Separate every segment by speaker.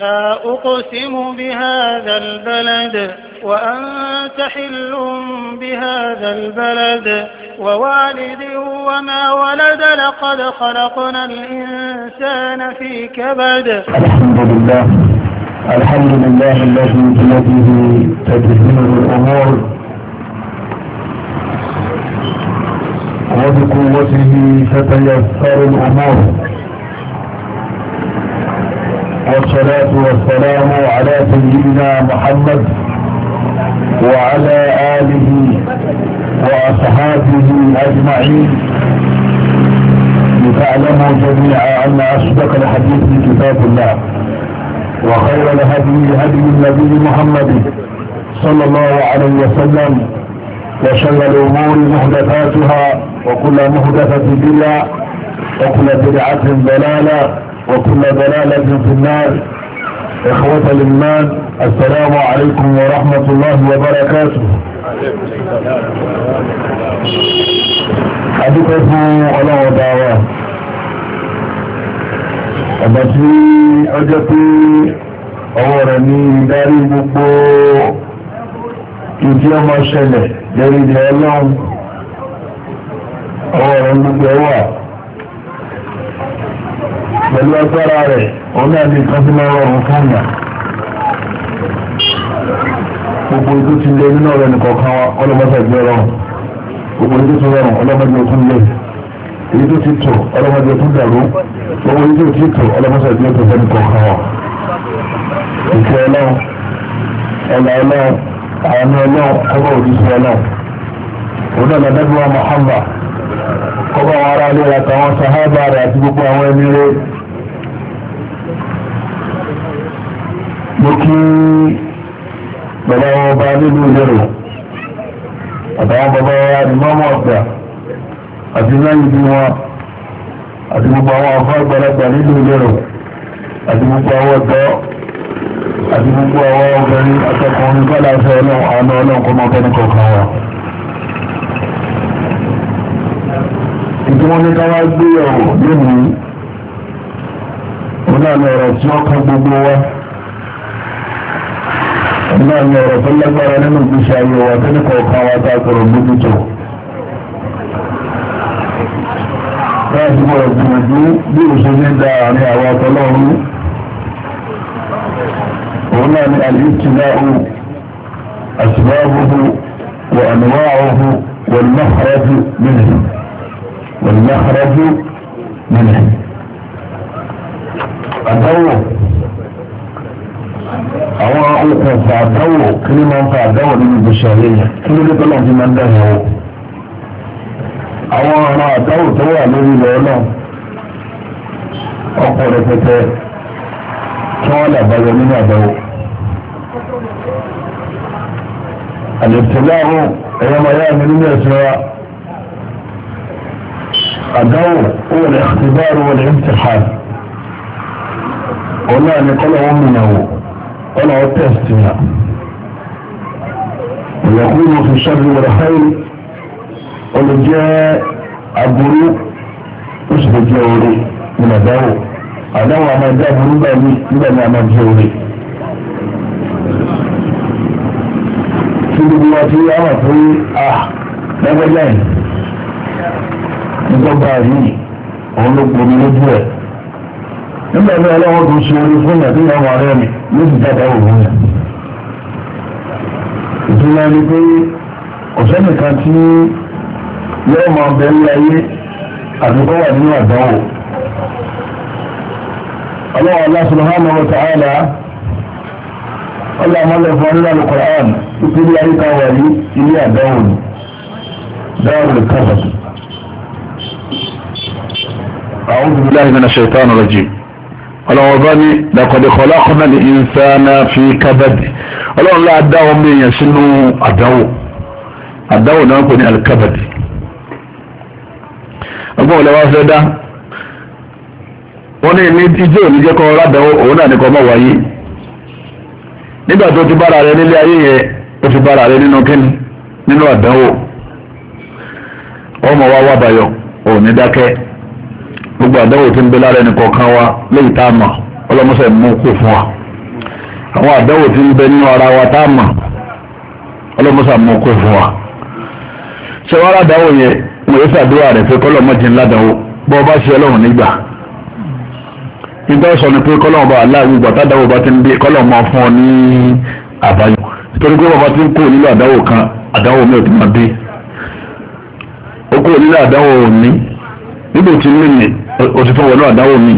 Speaker 1: لا أقسم بهذا البلد وأنت حل بهذا البلد ووالد وما ولد لقد خلقنا الإنسان في كبد الحمد لله الحمد لله الذي بيده تدبير الأمور وبقوته تتيسر الأمور والصلاة والسلام على سيدنا محمد وعلى آله وأصحابه أجمعين لتعلموا جميعا أن أصدق الحديث كتاب الله وخير الهدي هدي النبي محمد صلى الله عليه وسلم وشر الأمور محدثاتها وكل محدثة بلا وكل بدعة ضلالة وكل ضلالة في النار إخوة الإيمان السلام عليكم ورحمة الله وبركاته أدوك اسمه الله ودعوة ọ̀bà اجتي ọjọ́ داري ọwọ́ pẹ̀lú agbára rẹ̀ ọ̀nà ní ìtọ́jú máa rọrùn fún ìyà gbogbo ètò ti lé nínú ọ̀rẹ́ nìkọ̀ọ̀kan wa ọlọ́mọdé ẹgbẹ́ rọrùn gbogbo ètò ti rọrùn ọlọ́mọdé òkun lé èyí tó ti tò ọlọ́mọdé òkun dàrú gbogbo ètò ti tò ọlọ́mọdé ẹgbẹ́ tó fẹ́ nìkọ̀ọ̀kan wa ìfẹ́ ọlọ́run ọ̀là ọlọ́run àwọn ọlọ́run kọ́bọ̀ òdìsí ọlọ́run òun náà lọ́dẹ́gbẹ́wà Muhammad kọ́bọ̀ àwọn ará ilé àtàwọn sahaba rẹ̀ àti gbogbo àwọn ẹni rẹ̀ mo kí bàbá wọn bá nínú ìlérò àtàwọn bàbá wa ni mọ́mọ́ ọ̀gbà àti lẹ́yìn bí wọn àti gbogbo àwọn afọ́ àgbàlagbà nínú ìlérò àti gbogbo àwọn ọ̀dọ́ àti gbogbo àwọn obìnrin akẹ́kọ̀ọ́rin kọ́lá fẹ́ ọlọ́run àánú ọlọ́run kọ́ mọ́tẹ́ ní kọ̀ọ̀kan wa. ìtumọ̀ ní ká wá gbé yẹ̀wò lónìí òun náà lọ̀rọ̀ tí wọ́n kan gbogbo wa. iná ní ọ̀rọ̀ tó lágbára nínú ìgbésí ayé wa tó ní kọ̀ọ̀kan wa tá a kọ̀rọ̀ mójútó. láti bọ̀ gbìyànjú bí òṣèlú ní da àárín àwọn ọ̀tọ́lọ́run òun náà ni àlìkìláhù àṣìbáhùhù wà àníwáhùhù wà náhàrájú nínú wà náhàrájú nínú àdáwò àwọn okùnfà àdáwò kí ni máa ń fa àdáwò nínú ìgbésí ayé yẹn kí ló dé tó lọ́n ti máa ń dà yẹn o àwọn ọ̀ràn àdáwò tó wà lórí ilẹ̀ náà ọkọ̀ rẹpẹtẹ kí wọ́n là báyọ̀ nínú àdáwò àlètòláàrùn ẹ̀yọ́ máa yá mi nínú ẹ̀sìn wa àdáwò òun ni àtibáàrù wọn ni ń ti hà òun náà ni kọ́lọ̀ wọn mìíràn wò. ọlọ́wọ́ tẹ́sítì yà ìyàkúrò fi sọ́dún wọ̀rọ̀ háyì olùjẹ́ aburú ó sì lè jẹ́ orí nínú àdáwò àdáwò àmọ́ ẹ̀dá aburú bá mi nígbà ní àmọ́ jẹ́ orí. tí gbogbo wa ti yá wà pé a lẹ́gbẹ́lẹ́yìn nígbà báyìí òun ló gbomi lójú ẹ̀ nígbà tí ọlọ́wọ́ tó ṣe orí fún ìyàtí ìyàwó ààrẹ mi ló sì jáde òun yà ìtura ni pé ọ̀sẹ̀ nìkan tí yóò máa bẹ ní ayé àtúkọ́ wà nínú àdánwò ọlọ́wọ́ Allah subhanahu wa ta'ala ọlọ́wọ́ mọ́lẹ̀ fún ọlọ́wọ́ al ìpínlẹ̀ ayé kan wà ní ilé àdánwò ni dáwọ́ lè kábàtì. أعوذ بالله من الشيطان الرجيم ọlọ́wọ́ bá ní lẹ́kọ̀dẹ́kọ̀ ọlọ́kùnrin ní ìsáná fi kábàdì ọlọ́run lá dáwọ́ mẹ́yàn sínú àdáwò àdáwò náà kò ní alikabadi ọgbọ́n wọlé wá fẹ́ dá wọ́n ní ní ijó òní jẹ́ kọ́ ládàáwò òun náà ní kọ́ mọ̀ wáyé nígbà tó ti bára rẹ nílé ayé yẹn ó ti bára rẹ nínú kíni nínú àdáwò ọmọ wa wà báyọ̀ òun ní dákẹ́. gbogbo adawo tí ń bẹ lára ẹnì kọ̀ọ̀kan wa léyìí tá a mọ̀ mú kó wa àwọn tí ń bẹ nínú ara wa tá a mọ̀ mú kó fún wa ṣé wàá ládàáwò yẹn mo ọ bá ṣe nígbà ti ń bí kọ́lọ́mọ fún ọ ní àbáyọ torí pé bàbá ti ń kó nílò àdánwò kan àdánwò mi ò ti máa dé ó kó nílò àdánwò òní o ti tún wọlé àdáwò mi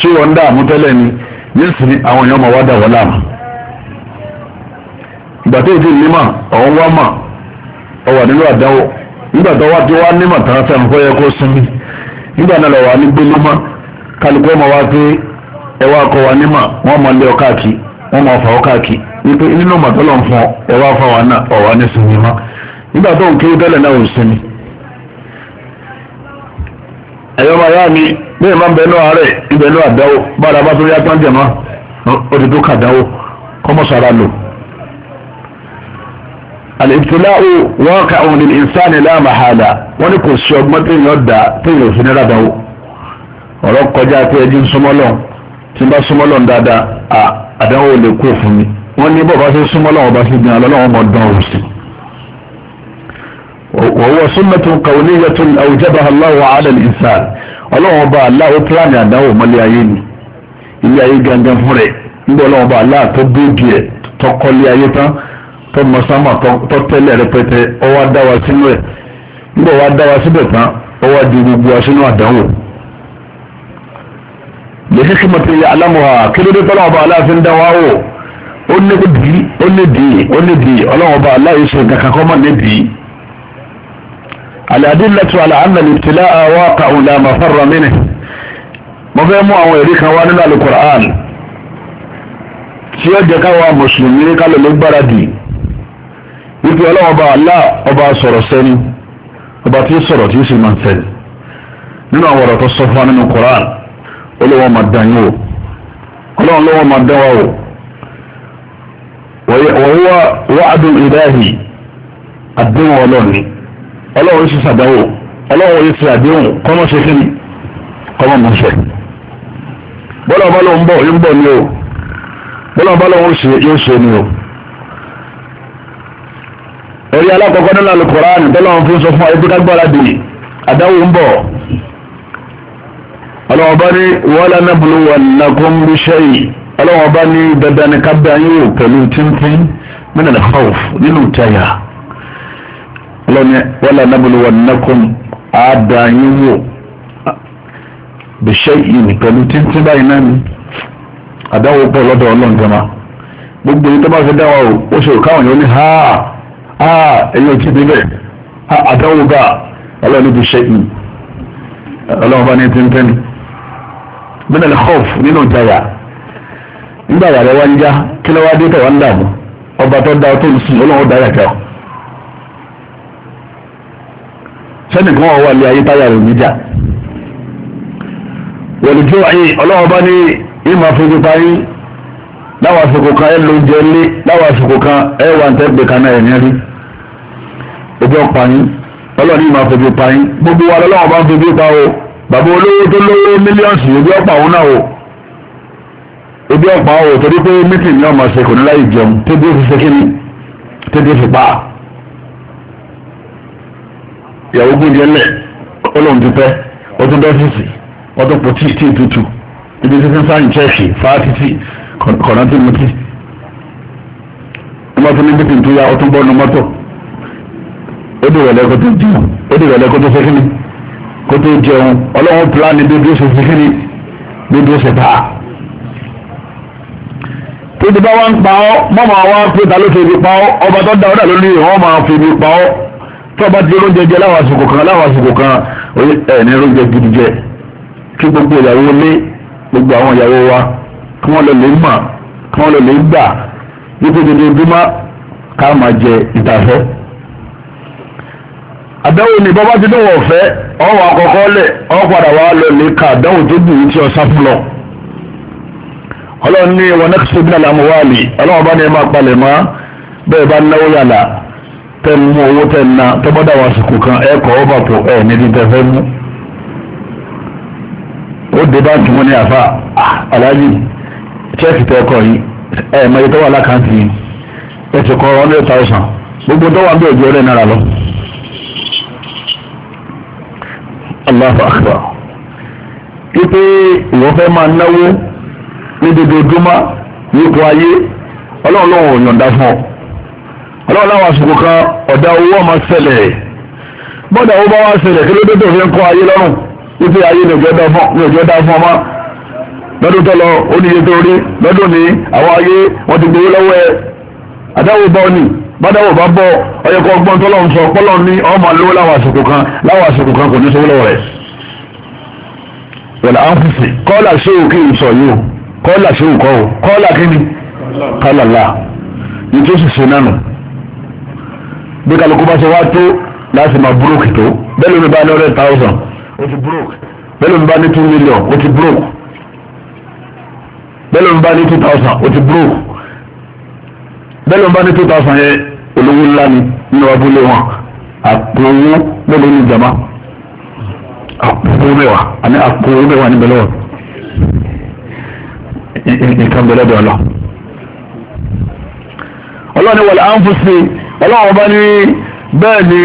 Speaker 1: tí wọ́n ń dààmú tẹ́lẹ̀ ni nísìnyí àwọn èèyàn máa wá dà wọ́n láàmú ìgbà tó ti nímà ọ̀hún wá mà ọ wà nínú àdáwò nígbà tó wá ti wá nímà tán sẹ́nu kó yẹ kó sinmi nígbà náà lọ wà ní gbólómà kálukú ọmọ wa pé ẹ wá kọ wa nímà wọ́n máa lé ọ káàkiri wọ́n máa fà ọ káàkiri wípé nínú màtọ́lọ̀ ń fọ ẹ wá fà wà náà ọ̀wà ní sinmi má nígbà tó ń kéwú tẹ́lẹ̀ náà ò sinmi ẹ̀yọ́ máa yá mi bí ìmọ̀ bẹ́ẹ̀ náà rẹ̀ ibẹ̀ náà dáwó bára bá tó yá tán jẹ̀mọ́ ó ti tó kà dáwó kọ́mọ́ sara lò. àlèbtìláwò wọ́n ka òun ní ìsáni láàmà hàdà wọ́n ní kò sí ọgbọ́n tó yàn dá tó yàn òfin náà dáwó. ọ̀rọ̀ kọjá pé ẹjí ń súnmọ́lọ̀ tí ń bá súnmọ́lọ̀ dáadáa àdánwò lè kó fún mi wọ́n ní bọ́ọ̀ bá ṣe súnmọ́lọ̀ ọba ṣe gbìyànjú ọlọ́wọ́ mọ̀ dán òun sí i. وهو سنة قولية أوجبها الله على الإنسان ọlọ́run ọba aláwọ̀ pílánì àdáwò mọ́lẹ̀ ayé ni ilé ayé gangan fún rẹ̀ nígbà ọlọ́run ọba aláà tó bíògì ẹ̀ tó kọ́lé ayé tán tó mọ sámà tó tẹ́lẹ̀ rẹpẹtẹ ọwọ́ adáwa sínú ẹ̀ nígbà ọwọ́ adáwa síbẹ̀ tán ọwọ́ di gbogbo wa sínú àdánwò. lèṣe kí mo ti yẹ alámùhà kí ló dé tọ́lọ́run ọba الأدلة على أن الابتلاء واقع لا مفر منه مفهم أو يريك واننا القرآن سيجك ومسلمين قال للبردي wípé ọlọ́wọ́ bá Allah ọba sọ̀rọ̀ sẹ́ni ọba tí sọ̀rọ̀ tí ó sì máa ń sẹ́ni nínú àwọn ọ̀rọ̀ tó sọ fún wa nínú Quran olówó máa dán yín o ọlọ́wọ́ lọ́wọ́ máa dán wa o wọ́n wá wàádùn ìdáhì àdéhùn ọlọ́ọ̀ni ọlọ́run sì sàdáwò ọlọ́run yìí ti àdéhùn kọ́mọ́ ṣe kí ni kọ́mọ́ mọ̀ ṣe. bọ́lá ọba lòun bọ̀ yóò ń bọ̀ ni o bọ́lá ọba lòun ṣe yóò ṣe ni o. ẹ̀rí alákọ̀ọ́kọ́ nínú Al-Kùránì bọ́lá wọn fi sọ fún ayé pípa gbára dì àdáwò ń bọ̀. ọlọ́wọ́n bá ní wala nabluwannakum bi shay'in ọlọ́wọ́n bá ní dandan ní kábíyá yóò lọ́ni wọ́lá nábùlùwọ̀ nẹ́kùn àádáyín wò bẹ̀ṣẹ́ ìní pẹ̀lú títí báyìí náà ni àdáwò pọ̀ lọ́dọ̀ ọlọ́ǹgàmá gbogbo yìí tó bá fi dáwà o ó ṣe òkáwọn yóò ní ha ha ẹ̀yìn òtí níbẹ̀ àdáwò bá ọlọ́ni bẹ̀ṣẹ́ ìní ọlọ́wọ́n bá ní tíntẹ́ni bẹ́ẹ̀ ni hof nínú ìjayà nígbà yàrá wa ń já kí lọ́wọ́ adé tẹ̀wá ń dààmú ọba tó dá ọ tó ń sìn ọlọ́wọ́ dá yàtọ̀ sẹ́nìkan wà wà lé ayé táyà rẹ̀ níjà wẹ̀lùjọ́ ayé ọlọ́wọ́ bá ní ìmọ̀ fojú parí láwọn àsìkò kan ẹ lóúnjẹ lé láwọn àsìkò kan ẹ wà ní tẹ́gbẹ̀ẹ́ kan náà ẹ̀ ní rí ojú ọ̀pá yín ọlọ́ọ̀ni ìmọ̀ fojú parí gbogbo wa lọ́wọ́ bá ń fojú pa o bàbá olówó tó lówó mílíọ̀nù ojú ọ̀pá òun náà o ojú ọ̀pá o torí pé mítì ọmọ ṣe kò ní láì jẹun tébí ó fi ṣe kíni tébí ó fi pa á ìyàwó gbóúnjẹ lẹ̀ ó lóun ti pẹ́ ó tún dọ́fíìsì ó tún po tíì tíì tútù ibi títí sáyìn chẹ́ẹ̀kì fáátítì kọ̀nàtì mutí ọmọ tó ní bí tìǹtù ya ó tún bọ́ nu mọ́tò ó dì rẹ̀lẹ́ kó tó jẹun ó dì rẹ̀lẹ́ kó tó sẹ́kìnì kó tó jẹun ọlọ́run pílánì bí bí ó ṣe sẹ́kìnì bí bí ó ṣe bá a tó ti bá wá ń pa ọ́ mọ́ máa wá pé ta ló fi ibi pa ọ́ ọba tó da ọ́ dà lórí ìhàn máa fi ibi pa ọ́ tọ́ba ti lóúnjẹ jẹ láwọn àsìkò kan láwọn àsìkò kan ẹ̀ẹ́nì lóúnjẹ gidi jẹ kí gbogbo ìyàwó lé gbogbo àwọn ìyàwó wa kí wọ́n lọ lè mà kí wọ́n lọ lè gbà wípé dojoojúmọ́ ká máa jẹ ìtàfẹ́. àdánwò ni bàbá ti dánwò ọ̀fẹ́ ọwọ́ àkọ́kọ́ lẹ̀ ọ padà wá lọ lè ka àdánwò tó dùn tí ọ sáfù lọ. ọlọ́run ní wọn náà ti ṣe bí nàlámù wáàlì ọlọ́run bá ní ẹ máa palẹ̀ tẹ́ mú owó tẹ́ na tó bá dàwọn àsìkò kan ẹ kọ́ ọ́fà pọ̀ ẹ níbi tẹ́ fẹ́ mú ó dé báńkì wọn ní àfà ah, aláàjì chẹ́ẹ̀kì tẹ́ kọ yìí ẹ ẹ̀ mẹ́rin tó wà lákàntì yìí ẹ ti kọ́ hundred thousand gbogbo tó wà ń bẹ̀ ojú ọ̀rẹ́ náírà lọ. Allahu akbar wípé ìwọ fẹ́ máa náwó ní dojoojúmọ́ ní ipò ayé ọlọ́run lọ́wọ́ yọ̀ǹda fún ọ ọlọ́run láwọn àsìkò kan ọ̀dà owó ọmọ ṣẹlẹ̀ bọ́dà owó bá wá ṣẹlẹ̀ kí ló dé tó fi ń kọ́ ayé lọ́rùn wípé ayé ní òjò dá fún ọmọ lọ́dún tó lọ ó níye tó rí lọ́dún ní àwọn ayé wọ́n ti gbowó lọ́wọ́ ẹ àdáwò bá ọ nì bàdáwò bá bọ ọyẹ kọ ọgbọ́n tó lọ́n sọ pọ́lọ́ ní ọmọ lówó láwọn àsìkò kan láwọn àsìkò kan kò ní sọ lọ́wọ́ rẹ̀ wọ̀lá áńfùsì kọ́là ṣéwù kí n sọ yìí o kọ́là ṣéwù kọ́ o kọ́là kí ni kálàlà ìtòsí ṣe nánu bí kálukú bá ṣe wá tó láti máa búrókì tó bẹ́ẹ̀ ló ń bá ní hundred thousand ó ti búrókì bẹ́ẹ̀ ló ń bá ní two million ó ti búrókì bẹ́ẹ̀ ló ń bá ní two thousand ó ti búrókì bẹ́ẹ̀ ló ń bá ní two thousand yẹn olówó ńlá ni nínú abúlé wọn àpò owó mélòó ní ìjàmbá àpò owó mẹ́wàá àní àpò ni mẹ́wàá níbẹ̀ lọ́wọ́ nǹkan bẹ̀rẹ̀ bẹ̀ ọlọ́ ni wọlé anfusi ọlọ́run bá ní bẹ́ẹ̀ ni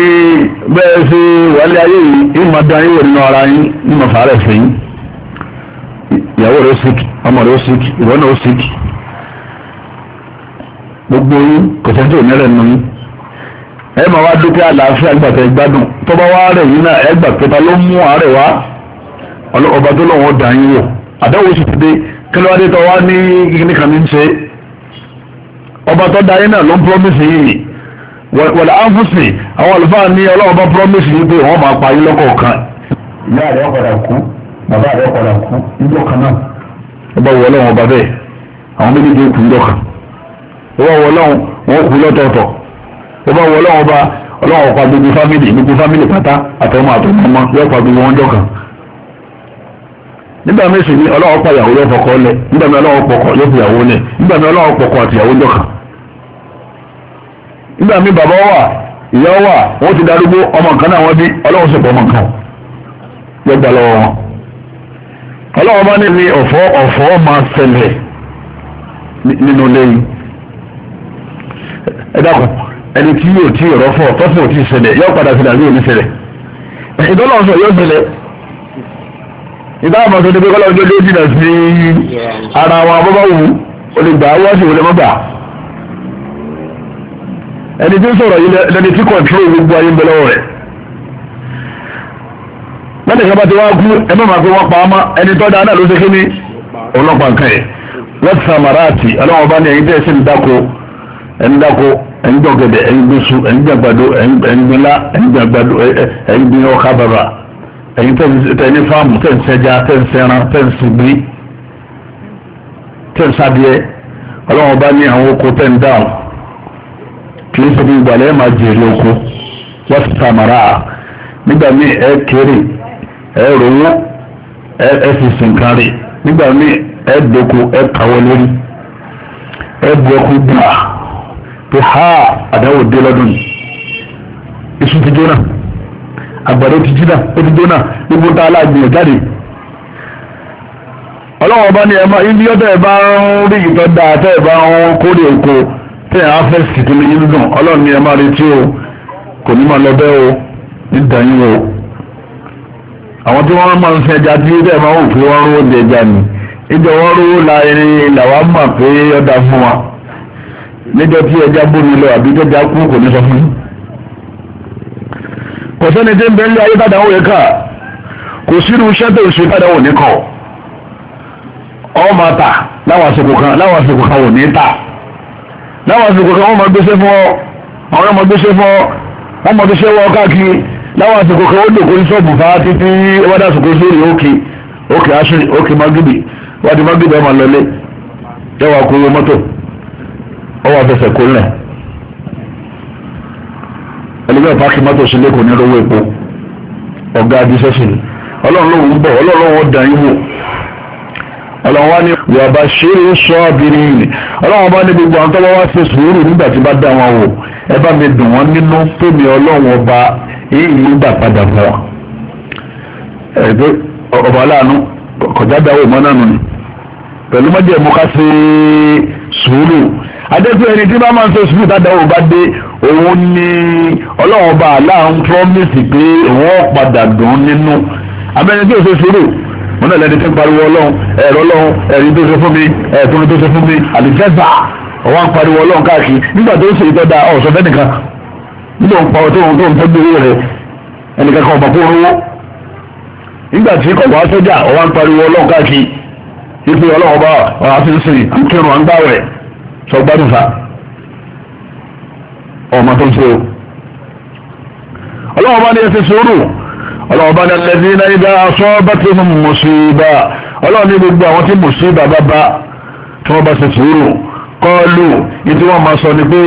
Speaker 1: bẹ́ẹ̀ ṣe wàlé ayé yìí ìmọ̀ dán yín wò nínú ara yín nínú sàárẹ̀ sí yín ìyàwó rẹ̀ sick ọmọ rẹ̀ sick ìwọ náà sick gbogbo yín kò sẹ́ńtì òmìnira nù yín ẹ máa wá dúpẹ́ àlàáfíà gbàtẹ́ gbádùn tó bá wá rẹ̀ yín náà ẹ gbà pé ló mú àárẹ̀ wá ọba tó lọ́wọ́ dán yín wò àdáwò sì ti dé kí ló wá dé tó wá ní kíní kan ní ń ṣe ọba tó dá yín náà ló ń promise yín yìí. wọ̀lá ánfúsì àwọn àlùfáà ní ọlọ́run bá promise yìí pé wọ́n máa pa yín ìyá rẹ̀ kú bàbá rẹ̀ kú níjọ́ kan náà. ọba bẹ́ẹ̀ àwọn méjèèjì níjọ́ kan. bá wọ ọlọ́run wọn kú lọ́tọ̀ọ̀tọ̀. bá wọ ọba ọlọ́run ọ̀pá gbogbo fámìlì gbogbo fámìlì pátá àtọmọ àtọmọ yóò pa gbogbo wọn nígbà amị bàbá wà ìyá wà wọ́n ti darúgbó ọmọ nǹkan náà wọ́n bí ọlọ́run sì pọ̀ ọmọ nǹkan yọgbà lọ́wọ́ wọn. ọlọ́run bá ní ní ọ̀fọ̀ máa ṣẹlẹ̀ nínú lẹ́yìn ẹ dákun ẹni tí yóò tí rọ́fọ̀ tọ́fọ̀ tí ṣẹlẹ̀ yóò padà àbí òní ṣẹlẹ̀ yóò ṣẹlẹ̀ pé ẹni tí ń sọ̀rọ̀ yìí lẹni tí kọ̀ǹtírò gbogbo ayé ń bẹ lọ́wọ́ rẹ̀ lẹ́nu ìjọba tí wọ́n kú ẹ máa fi wọ́n pa á mọ́ ẹni tọ́ náà ló ṣe kí ni ọlọ́pàá nǹkan yẹn lọ́tí samarati ọlọ́wọ́n bá ní ẹ̀yin tẹ́ ẹ sí ń dáko ẹ̀yin dáko ẹ̀yin dọ̀gẹ̀dẹ̀ ẹ̀yin gbèsù ẹ̀yin gbàgbàdo ẹ̀yin gbìnlá ẹ̀yin gbàgbàdo ẹ̀yin gbìn ọkà bàbà ẹ̀yin tẹ́ fáàmù tẹ́ ń kì í ṣe bí ìgbàlẹ̀ ẹ̀ máa jèrè oko wọ́n ti sàmàrà à nígbà míì ẹ kéré ẹ rówó ẹ sìn kan rè nígbà ẹ doko ẹ kàwọ́ lórí ẹ bu ọkùn gbà pé ha àdáwò dé lọ́dún yìí iṣu ti jóná àgbàdo ti jí náà ó ti jóná gbogbo tá a láàgbìyàn jáde ọlọ́wọ́n bá ní ọ̀tẹ̀ tí ẹ̀ á fẹ́ sì tí mi yín dùn ọlọ́run ni ẹ máa retí o kò ní máa lọ bẹ́ o nídàáyín o àwọn tí wọ́n máa ń sin ẹja tí bẹ́ẹ̀ máa ń fi wọ́n rówó di ẹja ni níjọ wọ́n rówó la irin làwa mà pé ọ̀dà fún wa níjọ tí ẹja bómi lọ àbí tó já kú kò ní sọ fún yín kò sẹ́ni tí ń bẹ ń lé ayé tàdá òye ká kò sínú iṣẹ́ tó ń ṣe tàdá òní kọ̀ ọ́ máa tà láwọn àsìkò kan láwọn àsìkò kan ò ní tà láwọn àsìkò kan wọ́n máa gbéṣẹ́ fún ọ àwọn ọmọ gbéṣẹ́ fún ọ wọ́n máa gbéṣẹ́ wọ káàkiri láwọn àsìkò kan ó dòkó ní sọ́ọ̀bù fa títí wọ́n dàsìkò sórí òkè òkè aṣèrè òkè magidi wọ́n ti magidi ọmọ lọlé yẹ́wà kúrò mọ́tò ọwọ́ àfẹsẹ̀ kó lẹ̀ ẹlẹ́gbẹ́ pàákì mọ́tò sílé kò ní rówó epo ọ̀gá adíṣẹ́sìn ọlọ́run lòun bọ̀ ọlọ́run lòun dàn yín wò ọlọ́wọ́ ní yọ̀bá ṣeré sọ́ọ̀bìnrin ni ọlọ́wọ́ bá ní gbogbo àwọn tọ́wọ́ wá ṣe sùúrù nígbà tí bá dá wọn wò ẹ bá mi dùn wọn nínú tómi ọlọ́wọ́ bá èyí nígbà padà fún wa. ẹgbẹ́ ọba aláàánú kọjá dáwọ́ ìmọ̀ náà nù ni pẹ̀lú mọ́jẹ̀ mú ká ṣe sùúrù adékun ẹni tí bá máa ń ṣe sùúrù dáadáa bá dé òun ni ọlọ́wọ́ bá aláàánú promise pé òun ọ̀ padà dùn nínú abẹ́ni tí ò ṣe sùúrù wọn náà lẹni tí ń pariwo ọlọ́run ẹ̀rọ ọlọ́run ẹ̀rí tó ṣe fún mi ẹ̀ẹ́dúnrún tó ṣe fún mi àlùfẹ́fà ọwọ́ ń pariwo ọlọ́run káàkiri nígbà tó ń ṣe ìtọ́da ọ̀sọ́ fẹ́nìkan nígbà ń pa ọtí òun tó ń tọ́jú owó rẹ ẹnìkan kan ọ̀bà kó rówó nígbà tí kọ̀ wá sọ́jà ọwọ́ ń pariwo ọlọ́run káàkiri ipe ọlọ́run ọba ọ̀rọ̀ àti ńsìn àkírun àgbáwẹ̀ sọ gbádùn fa o ọlọ́run ọba ni ẹ ọlọ́ọ̀bá ní alladhina idha asabathum musiba ọlọ́ọ̀ ní gbogbo àwọn tí musiba bá bá tí wọ́n bá ṣe sùúrù kọ́ọ̀lù ìtí wọ́n máa sọ ni pé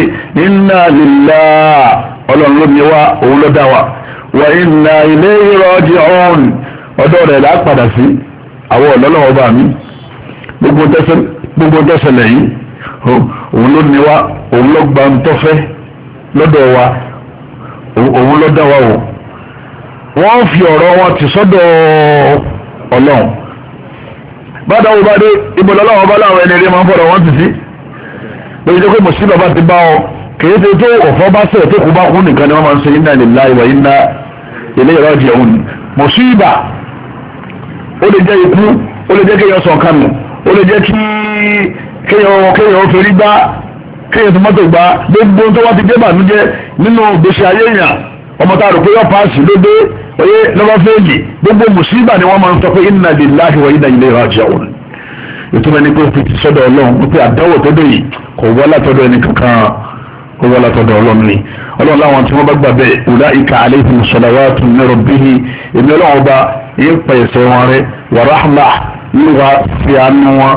Speaker 1: inna lillahi ọlọ́run ló mi wá òun ló dá wa wa inna ilayhi raji'un ọ̀dọ̀ rẹ̀ là padà sí àwọn ọ̀lọ́lọ́wọ́ bá mi gbogbo tẹ́sẹ̀lẹ̀ yìí òun ló ní wa òun ló gba ń tọ́fẹ́ lọ́dọ̀ wa òun ló dá wa wò wọ́n fi ọ̀rọ̀ wọn ti sọ́dọ̀ ọlọ́run bàdà wo bá dé ibùdó ọlọ́run bá láwọn ẹni rí máa ń fọ̀rọ̀ wọn ti sí lórí jẹ́ pé mùsùlùmí bàbá ti bá ọ kìí ṣe tó ọ̀fọ́ bá sẹ̀ tó kú bá kú nìkan ni wọ́n máa ń ṣe inna lillahi wa inna ilayhi raji'un mùsùlùmí ó lè jẹ́ ikú ó lè jẹ́ kéèyàn sàn kánú ó lè jẹ́ kí kéèyàn kéèyàn fèrè gbá kéèyàn tó mọ́tò gbá gbogbo tó wá ti dé oye lọ́ba fẹ́ẹ̀lì gbogbo mùsíbà ni wọ́n máa ń sọ pé inna lillahi wa inna ilayhi raji'un ìtumọ̀ ní pé fìtì sọ́dọ̀ ọlọ́run wípé àdáwọ̀ tó dé yìí kò wá látọ̀dọ̀ ẹni kankan kò wá látọ̀dọ̀ ọlọ́run ni ọlọ́run láwọn tí wọ́n bá gbà bẹ́ẹ̀ ulaika alaihim salawatun min rabbihim èmi ọlọ́run ọba yín pa ẹ̀sẹ̀ wọn rẹ wa yín wá sí àánú wọn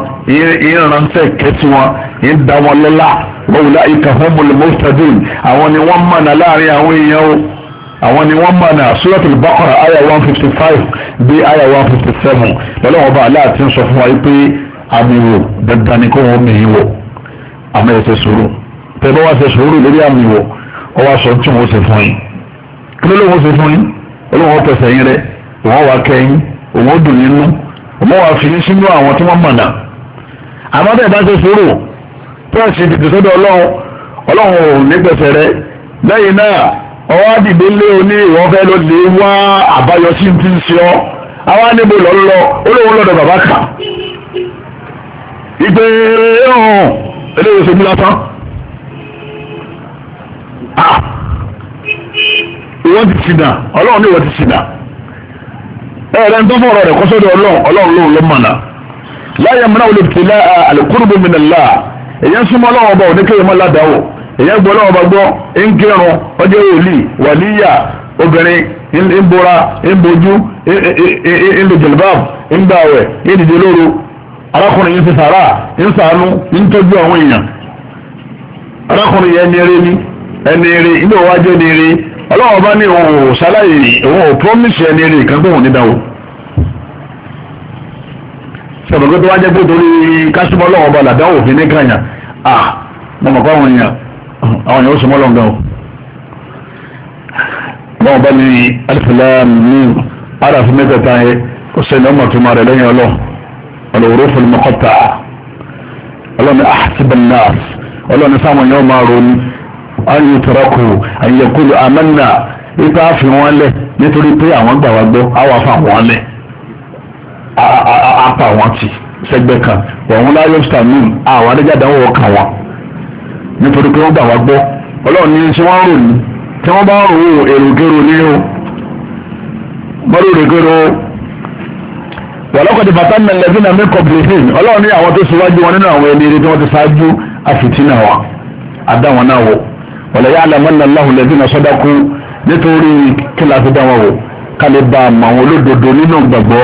Speaker 1: yín ránṣẹ́ kẹ́sì wọn yín dá wọn lọ́lá wa ulaika humul muhtadun àwọn ni wọ́n mọ̀nà láàrin àwọn èèyàn àwọn ni wọ́n mọ̀ náà suratul Baqara aya one fifty five dé aya one fifty seven lọ́lọ́wọ́ bá aláàtí ń sọ fún wa pé àmì wò dandan ni kò wọ́n mi wò àmì ẹ̀ ṣe sùúrù tẹ́ bá wá ṣe sùúrù lórí àmì wò ọ wá sọ tí wọ́n ṣe fún yín kí ló ló wọ́n ṣe fún yín olóhùn ọ̀pẹ̀sẹ̀ yín rẹ òun wà kẹ́yìn òun ó dùn yín nú òun wà fi yín sínú àwọn tí wọ́n mọ̀ náà àmọ́ bẹ́ẹ̀ bá ṣe sùúrù pẹ́ẹ́sì tètè sọ́dọ̀ ọlọ́run ọlọ́run ò ní pẹ̀sẹ̀ rẹ lẹ́yìn náà ọwọ́ dìde lé o ní ìwọ́n fẹ́ lọ lè wá àbáyọ sí ti ń ṣe ọ́ àwa níbo lọ lọ olóhùn lọ́dọ̀ bàbá kà ìgbé ọ̀hún eléyìí ṣe mú lásán ìwọ́n ti ṣìnà ọlọ́run ní ìwọ́n ti ṣìnà ẹ̀rẹ́ ń tó fọ̀rọ̀ rẹ̀ kọ́sọ́dọ̀ ọlọ́run ọlọ́run lóhùn ló mọ̀nà láyé mìíràn olùtìlá àlùkùrùbù mìnàlá èyí ń súnmọ́ ọlọ́run ọba òní èyàn gbọ́ lọ́wọ́ gbọ́ ń kírun ọjọ́ wòlí wàlíyà obìnrin ń bora ń bojú ń lo jilbab ń gbàwẹ̀ ń dìde lóru arákùnrin yìí ti sàrà ń sàánú ń tọ́jú àwọn èèyàn arákùnrin yẹn ẹni eré ni ẹni eré ilé ìwájú ẹni eré ọlọ́wọ́ ní òun ṣaláyè òun ò promise ẹni eré kan tó ní dáwọ́ àwọn èèyàn ó ṣe mọ́lọ́ gan o báwọn bá ní alifilami arafi mẹ́tẹ̀ẹ̀ta yẹn ó sẹ́ni ọmọ tó máa rẹ̀ lẹ́yìn ọlọ́ ọlọ́wọ́rọ́ fún mi kọ́ta ọlọ́ni ahasibannas ọlọ́ni sáwọn èèyàn máa ronú ayé tọrọkù àyẹ̀kúlù amẹ́nà ipa fi wọ́n lẹ̀ nítorí pé àwọn gbà wá gbọ́ àwọn afa wọ́n lẹ̀ apá wọn ti sẹ́gbẹ́ kan wọ̀n láyọ̀ stamil àwọn adéjáde àwọn ọkà wọn nítorí pé wọ́n gbà wá gbọ́ ọlọ́run ní ṣé wọ́n rò ní tí wọ́n bá rò ó èròkèrò ní o mọ́rò èròkèrò wàlọ́kọ̀dé bàtà mẹ́lẹ́dín náà mẹ́kọ̀ bìrìfìn ọlọ́run ní àwọn tó ṣíwájú wọn nínú àwọn eléré tí wọ́n ti ṣáájú àfìtínà wa àdá wọn náà wò wọ̀lẹ̀ yà àlẹ́ mọ́nà láhùn lẹ́dín náà sọ́dákú nítorí kíláàsì dá wọn wò kálí bá a mọ̀ àwọn olódodo nínú gbàgbọ́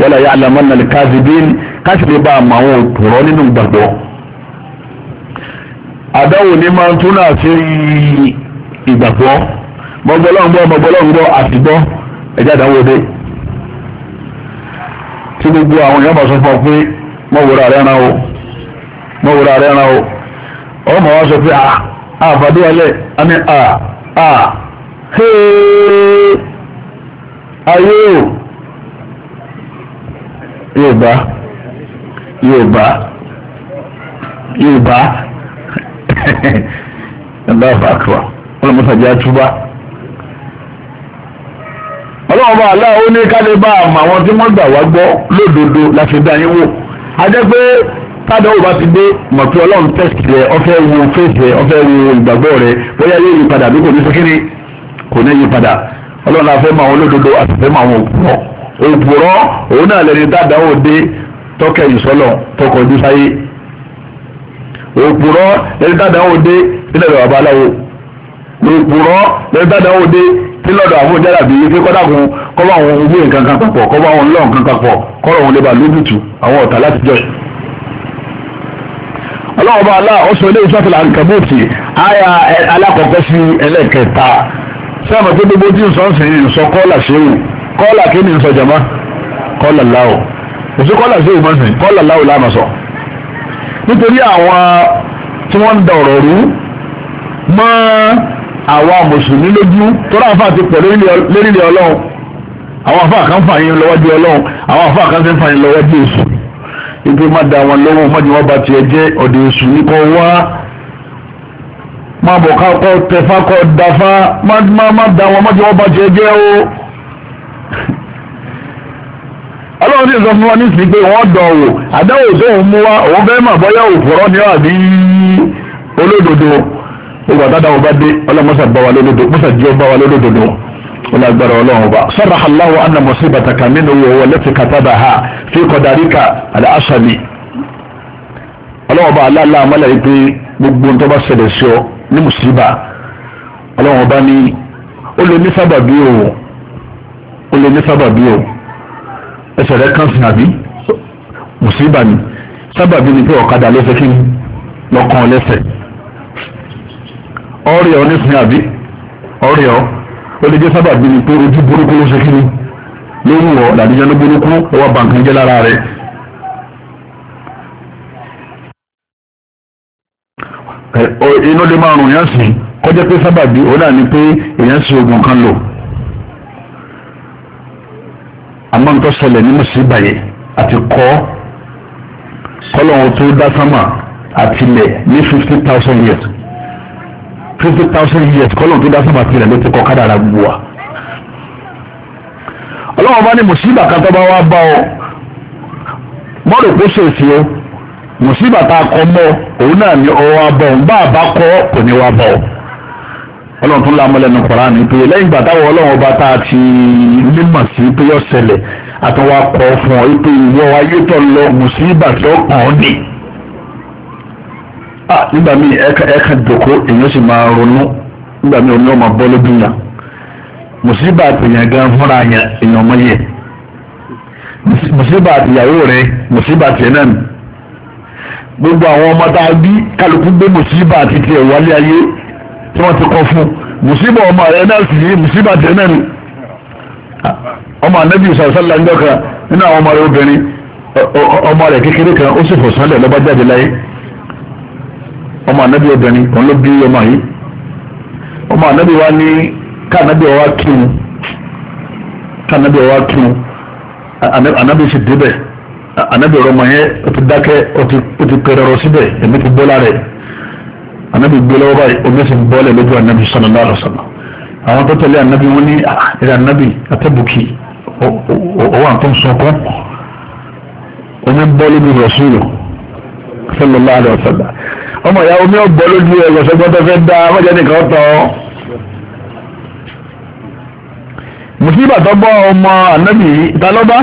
Speaker 1: wọ́lẹ̀ yà àlẹ́ mọ́nà káàsì bíi káàsì bá a mọ̀ àwọn òpùrọ̀ nínú gbàgbọ́ àdáwò ní máa ń tún náà sí ìgbàgbọ́ mọ́gbọ́lọ́ngbọ́ mọ́gbọ́lọ́ngbọ́ àtìgbọ́ ẹ̀já àdáwò dé tí gbogbo àwọn èèyàn bá sọ fún ọ pé mọ́wòrán rẹ̀ ràn ó mọ́wòrán rẹ̀ ràn ó ọmọ wa sọ pé àfàdé ọlẹ́ àmì à à hee ayé o Yorùbá Yorùbá Yorùbá Allahu akbar wọ́n mọ́ta jẹ́ àtúbá ọlọ́run bá aláwọ̀ ní kálẹ̀ bá àmọ́ àwọn tí wọ́n gbà wá gbọ́ lódodo láti dá yín wò a jẹ́ pé tádọ́ òbá ti dé mọ̀ pé ọlọ́run tẹ́sítì rẹ ọfẹ́ wo fèsì rẹ ọfẹ́ wo ìgbàgbọ́ rẹ bóyá yóò yí padà bí kò ní sẹ́kẹ́rì kò ní yí padà ọlọ́run la fẹ́ mọ àwọn olódodo àti fẹ́ mọ àwọn òpùrọ̀ òpùrọ̀ òun náà lẹni tádọ́ òde tọ́kẹ́ ìsọ́lọ̀ tọkọ̀ọ́dúnsáyé òpùrọ́ lẹ́ni dáadáa ó dé sílẹ̀ lọ́wọ́ babaláwo òpùrọ́ lẹ́ni dáadáa ó dé tí lọ́dọ̀ àwọn ìjára bíi pé kọ́dà kun kọ́bà àwọn ohun gbé nǹkan kan papọ̀ kọ́bà àwọn ńlọ nǹkan kan pọ̀ kọ́rọ̀ òun lè bá lójútu àwọn ọ̀tá láti jọ. ọlọ́run bá aláà ó sọ ilé iṣẹ́ àti làǹkàbóòtì àyà alákọ̀ọ́kọ́ sí ẹlẹ́kẹta sáàmù tó gbogbo tí nsọ nsìn nsọ kọ́ọ̀là ṣéwù kọ́ọ̀là kí ni nsọ jama kọ́ọ̀là láwù òsì kọ́ọ̀là ṣéwù mọ́sìn kọ́ọ̀là láwù láàmà sọ nítorí àwọn tí wọ́n ń da ọ̀rọ̀ rú mọ́ àwa mùsùlùmí lójú tọ́lá àfa ti pọ̀ lórílẹ̀ ọlọ́run àwọn afa kan fà yín lọ́wọ́ di ọlọ́run àwọn afa kan fẹ́ fà yín lọ́wọ́ di èṣù ibi má da wọn lọ́wọ́ má ni wọ́n bá tiẹ̀ jẹ́ ọ̀dẹ̀ èṣù ní kọ́ wá má bọ̀ ká kọ́ tẹ̀fá kọ́ dáfá má da wọn má ni wọ́n bá tiẹ̀ jẹ́ o ọlọ́run ní sọ fún wa nísìnyí pé wọ́n dán wò àdáwò tó ń mú wa òun fẹ́ mà bọ́yá òfòrọ́ ni àbí olódodo gbogbo àtàdáwò bá dé ọlọ́mọṣà bá wa lódodo mọ́ṣà jẹ́ bá wa lódodo wọn agbára ọlọ́run ọba sọ́ra aláwọ̀ anna musibataka nínú owó lẹ́tì katábà ha fi kọ̀dáríkà àdá aṣàmì ọlọ́run ọba aláàlá amálà yìí pé gbogbo ń tọ́ba ṣẹlẹ̀ sí ọ ní mùsíbà ọlọ́run ọba ní ó lè ní sábàbí o ó lè ní sábàbí o ẹsẹ̀ rẹ̀ kàn sí àbí mùsíbà ni sábàbí ni pé ọ̀kadà ló fẹ́ kí n lọ́kàn lẹ́sẹ̀ ọ̀rẹ́ ọ nísìnyí àbí ọ̀rẹ́ ọ ó lè jẹ́ sábàbí ni pé ojú burúkú ló fẹ́ kí ni lórí wọ làdíjá ló burúkú ọwọ́ bàǹkan jẹ́ lára rẹ̀. inú lè máa rùn yẹn sí kọjá pé sábàbí ó dà ní pé èèyàn sí oògùn kan lò àmọ́ nítorí ṣẹlẹ̀ ní mùsíbà yẹn àti kọ́ kọ́lọ́hún tó dá sámà àti ilẹ̀ ní fifty thousand years fifty thousand years kọ́lọ́hún tó dá sámà àti ilẹ̀ ló ti kọ́ kádàrà gbogbo wa. ọlọ́wọ́n bá ní mùsíbà kan tó bá wá bá ọ mọ́rò kó ṣèṣì o mùsíbà tá a kọ́ mọ́ òun náà ni ọwọ́ abọ́ òun bá a bá kọ́ kò ní wá bọ́ ọ ọlọ́run tún lámọ́lẹ̀ ní koran pé lẹ́yìn ìgbà táwọn ọlọ́run ọba tá a ti mímọ̀ sí pé yọ ṣẹlẹ̀ àtúnwá kọ fún ọ pé ìwọ ayé tó lọ mùsíbà tó kàn ọ́ ni. nígbà míì ẹ̀ka jòkó èèyàn sì máa ronú nígbà míì omi ọmọ bọ́ lójú yàn mùsíbà àtìyàn gan fúnra yàn èèyàn mọ́ yẹ mùsíbà àtìyàwó rẹ mùsíbà àtìyàn náà gbogbo àwọn ọmọ tá a bí kálukú gbé mùsíbà àti tiẹ̀ wálé ayé tí wọ́n ti kọ́ fún mùsíbà ọmọ rẹ̀ náà sì yí mùsíbà tẹ̀ náà ni ọmọ anabi sàlùsàlà ń dọ́kà nínú àwọn ọmọ rẹ̀ obìnrin ọmọ rẹ̀ kékeré kan ó sì fò sánlẹ̀ lọ́ba jáde láyé ọmọ anabi obìnrin kan ló bí ọmọ yìí ọmọ anabi wa ní káànabi ọwa kírun káànabi ọwa kírun anabi sì débẹ̀ anabi ọ̀rọ̀ mọ̀ yẹn ó ti dákẹ́ ó ti pẹ̀rẹ̀ síbẹ̀ èmi ti bọ́lá rẹ̀ anabi gbé lọ́wọ́ báyìí omi sì ń bọ́lẹ̀ lójú anabi sallallahu alaihi wasallam àwọn tó tẹ̀lé anabi wọn ní ah, ìrẹ̀ anabi àtẹ̀bùkì owó àtún sọkún omi ń bọ́lẹ̀ bí rọ̀ṣúlù sallallahu alaihi wasallam ọmọ ìyá omi ò bọ́ lójú ẹ̀ lọ́sọ̀gbọ́n tó fẹ́ dá ọmọdé nìkan tọ́ mùsùlùmí àtọ́gbọ́ ọmọ anabi ìtàlọ́bá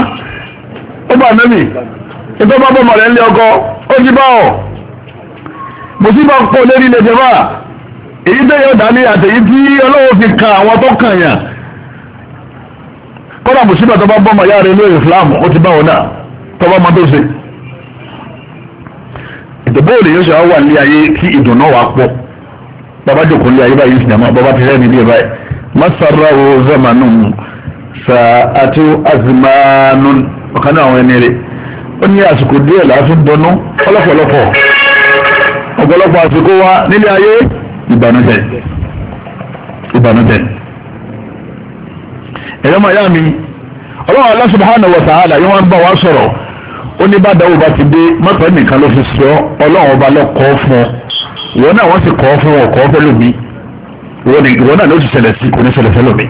Speaker 1: ó bá anabi ìtọ́gbọ́ ọmọ rẹ̀ ń lé ó ti bá ọ̀ mo sì máa ń pọ̀ lérí ilẹ̀ jẹ̀mọ́ èyí tó yọ̀ dání àtẹ̀yí tí ọlọ́wọ́ fi kan àwọn tó kàn yàn kọ́dà mo sì bá tọ́ba bọ́ màyá rẹ lórí Islam ó ti bá wọn náà tọ́ba máa tó ṣe. ìdìbò òde yóò ṣe wá wà ní ayé tí ìdùnnú wa pọ̀ bàbá jòkó ní ayé báyìí sinamá bàbá ti rẹ́ni bí ẹ báyìí masara wo zamanu sa àti azimanu ọ̀kan náà àwọn ẹni rẹ̀ ó ní àsìkò díẹ̀ láti bọnú ọlọ́pọ̀lọpọ̀ ọ̀pọ̀lọpọ̀ àsìkò wa nílé ayé ìbànújẹ́ ìbànújẹ́ ẹ̀rọ màá yá mi ọlọ́run Allah subhanahu wa ta'ala yóò wá ń bá wa sọ̀rọ̀ ó ní bá dáwọ́ bá ti dé mọ́tò nìkan ló fi sọ ọlọ́run ọba lọ kọ́ fún ọ ìwọ náà wọ́n sì kọ́ fún ọ kọ́ fẹ́ lómi ìwọ náà ló ti ṣẹlẹ̀ sí kò ní ṣẹlẹ̀ fẹ́ lómi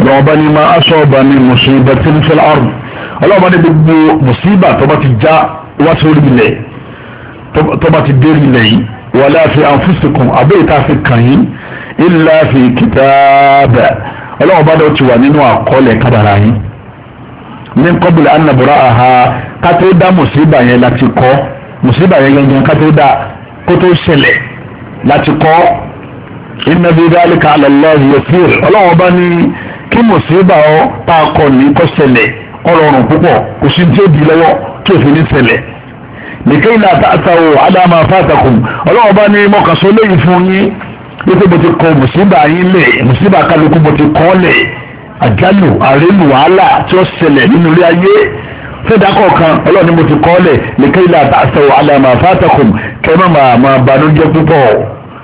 Speaker 1: ọlọ́run ọba ní ma aṣọ ọba ní musibatin fil ard ọlọ́run ọba ní gbogbo mùsíbà tó bá ti já wá sórí ilẹ̀ tó bá ti dé ilẹ̀ yìí wala fi anfusikum àbẹ́ ìta fi kàn yín illa fi kìtàbà ọlọ́run bá dọ̀ ti wà nínú àkọọ́lẹ̀ kádàrà yín ní kọ́bùlẹ̀ anabura aha kátó dá mùsíbà yẹn láti kọ́ mùsíbà yẹn gangan kátó dá kótó ṣẹlẹ̀ láti kọ́ inna bi dhalika ala Allah ọlọ́run bá ní kí mùsíbà ọ tá a ní kọ́ ṣẹlẹ̀ ọlọ́run púpọ̀ kò sí tí ó lọ́wọ́ tí òfin ní ṣẹlẹ̀ lèkè ilà àtàtàwò àdàmà fàtàkùn ọlọ́wọ́ bá ní mọ́kànsó léyìn fún yín wípé mo ti kọ mùsíbà yín lè mùsíbà kálukú mo ti kọ́ lè àjálù àrélu wàhálà tí ó ṣẹlẹ̀ nínú ilé ayé fẹ́dà kọ̀ọ̀kan ọlọ́ọ̀ni mo ti kọ́ lẹ̀ lèkè ilà àtàtàwò àdàmà fàtàkùn kẹ́ má máa máa banújẹ́ púpọ̀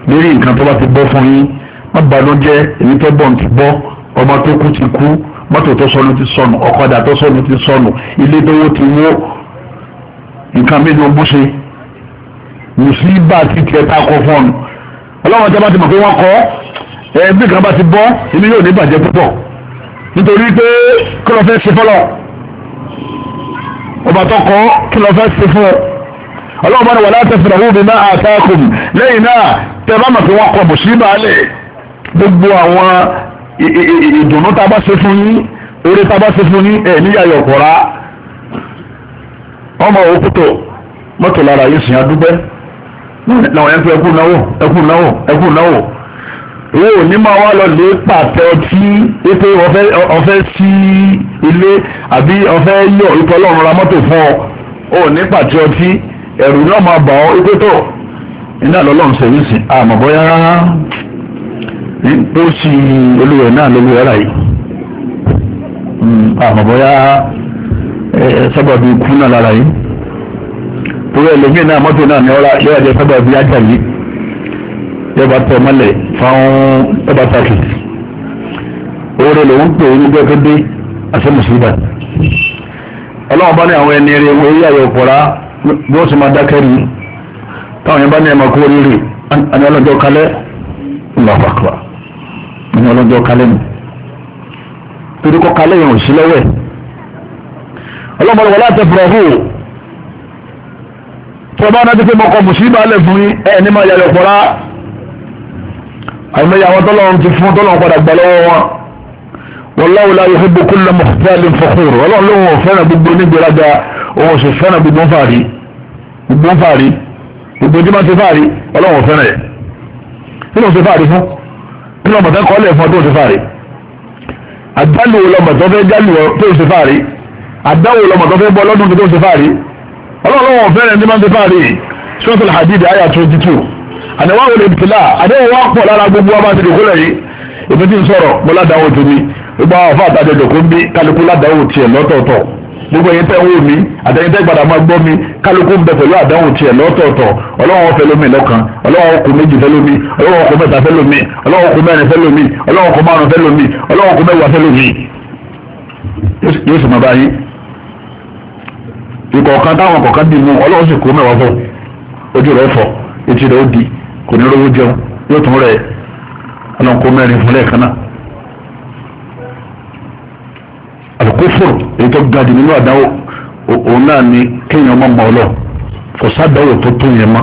Speaker 1: lérí nǹkan tó bá ti bọ́ fún yín má banújẹ́ nǹkan méjì ogún ṣe mùsíbà ti tiẹ̀ ta kọ fún ọ̀nù ọlọ́wọ́n tí a bá ti mọ̀ pé wọ́n kọ́ ẹbí kan bá ti bọ́ inú yóò ní bàjẹ́ púpọ̀ nítorí pé kí ló fẹ́ ṣe fọlọ́ ọba tó kọ́ kí ló fẹ́ ṣe fún ọ ọlọ́wọ́n bá ní wàlá tẹ̀sí ìràwọ̀ mi náà àtàkùn lẹ́yìn náà tẹ́ bá mọ̀ pé wọ́n kọ́ mùsíbà lẹ̀ gbogbo àwọn ìdùnnú tá a bá ṣe fún yín oore tá a bá ṣe fún yín ẹ̀ níyàyọ̀ kọ̀ọ̀rá ọmọ òkú tó mọ́tò lára yìí sìn adúgbẹ́ náà ẹ pé ẹkú náwó ẹkú náwó ẹkú náwó ìwé òní máa wá lọ lè pàtẹ ọtí pé ọfẹ́ sí ilé àbí ọfẹ́ yọ ipò ọlọ́run ra mọ́tò fún ọ òní pàtẹ ọtí ẹ̀rù náà máa bà ọ́ ipò tó iná lọ́lọ́run ṣèyí sìn àmọ́ bóyá tó sì olúwẹ̀ náà lóluwẹ̀ rà yìí àmọ́ hmm, bóyá sábàbí ikú náà lára yìí torí ẹlòmíì náà mọ́tò náà ní ọ́ra yóò jẹ́ sábàbí ájàlí yóò bá tẹ̀ mọ́lẹ̀ fáwọn ọba tàkì oore lòun pè é nígbà tó dé àti mùsùlùmí ọlọ́run bá ní àwọn ẹni rẹ̀ wọ́n yíyá yọ̀ pọ̀ra bí wọ́n sì máa dákẹ́ rí táwọn yẹn bá ní ẹ̀mọ́ kó rírì àní ọlọ́jọ́ kalẹ́ ńlọ́pàá àní ọlọ́jọ́ kalẹ́ nù torí kọ́ kalẹ́ yẹn ò sí lọ́wọ́ ẹ̀ ọlọ́mọdé wọlé àtẹ̀fúrọ̀hù tí ọba náà ti pé mọ́kọ mùsùlùmí alẹ́ fún yín ẹ̀ ní máa yàyọ̀ pọ̀lá àìmọye àwọn tọ́lọ́run ti fún tọ́lọ́run padà gbà lọ́wọ́ wọn wallahu la yuhibbu kulla mukhtalin fakhur ọlọ́run lóun ò fẹ́ràn gbogbo nígbèrágà òun sì fẹ́ràn gbogbo ń fàárí gbogbo ń fàárí gbogbo tí wọ́n ti fàárí ọlọ́run ò fẹ́ràn yẹn kí ló ń àdáwò lọmọ tó fẹ́ bọ́ lọ́dún tó tó ṣe fáàrí ọlọ́run fẹ́rẹ̀ ní máa ń ṣe fáàrí ṣọ́ọ̀tún hadid aya twenty two àdáwò lè tìlà àdáwò wà pọ̀ lára gbogbo ọba ti dìkú lẹ́yìn èmi ti ń sọ̀rọ̀ mo ládàáwò tó ní gbogbo àwọn afọ àtàjọ dòkó ń bí kálukú ládàáwò tiẹ̀ lọ́tọ̀ọ̀tọ̀ gbogbo ẹ̀yin tẹ́ ń wò mí àtẹ̀yin tẹ́ gbàdá máa gbọ́ mi kálukú ń bẹ pẹ̀lú àdáwò tiẹ̀ lọ́tọ̀ọ̀tọ̀ ọlọ́wọ́ fẹ́ lómi lọ́kan ọlọ́wọ́ kù méjì fẹ́ lómi ọlọ́wọ́ kù mẹ́ta fẹ́ lómi ọlọ́wọ́ kù mẹ́rin fẹ́ lómi ọlọ́wọ́ kù márùn fẹ́ lómi ọlọ́wọ́ kù mẹ́wàá fẹ́ lómi yóò sì máa bá yín ìkọ̀ọ̀kan táwọn kọ̀ọ̀kan dì mú ọlọ́run sì kó mẹ́wàá fún ojú rẹ̀ fọ etí rẹ̀ ó di kò ní lówó jẹun yóò tún rẹ̀ ọlọ́run kó mẹ́rin fún lẹ́ẹ̀kan náà. àlùkòfòrò èyí tó ga jù nínú àdáwò òun náà ni kéèyàn má mọ ọlọ́ kò sádàwò tó tó yẹn mọ́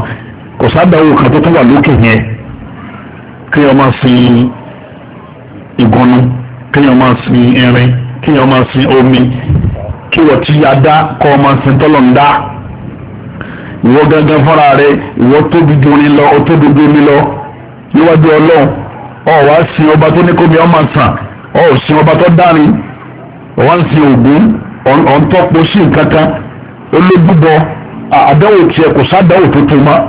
Speaker 1: kò sádàwò kan tó tó wà lókè yẹn kéèyàn máa sin ìgbọnú kéèyàn máa sin irin kéèyàn máa sin omi kí wọ́n ti yá dá kọ́ ọmọ sin tọ́lọ̀ ń dá ìwọ gángan fúnra rẹ ìwọ tóbi ju orin lọ ó tóbi ju omi lọ níwájú ọlọ́run ọ wá sin ọba tó ní kómi ọmọ sàn ọ ò sin ọba tó dárin ọ wá ń sin ògún ọ ń tọ́pọ̀ sí nǹkan kan olójúbọ àdáwò tiẹ̀ kò sádàwò tó tó máa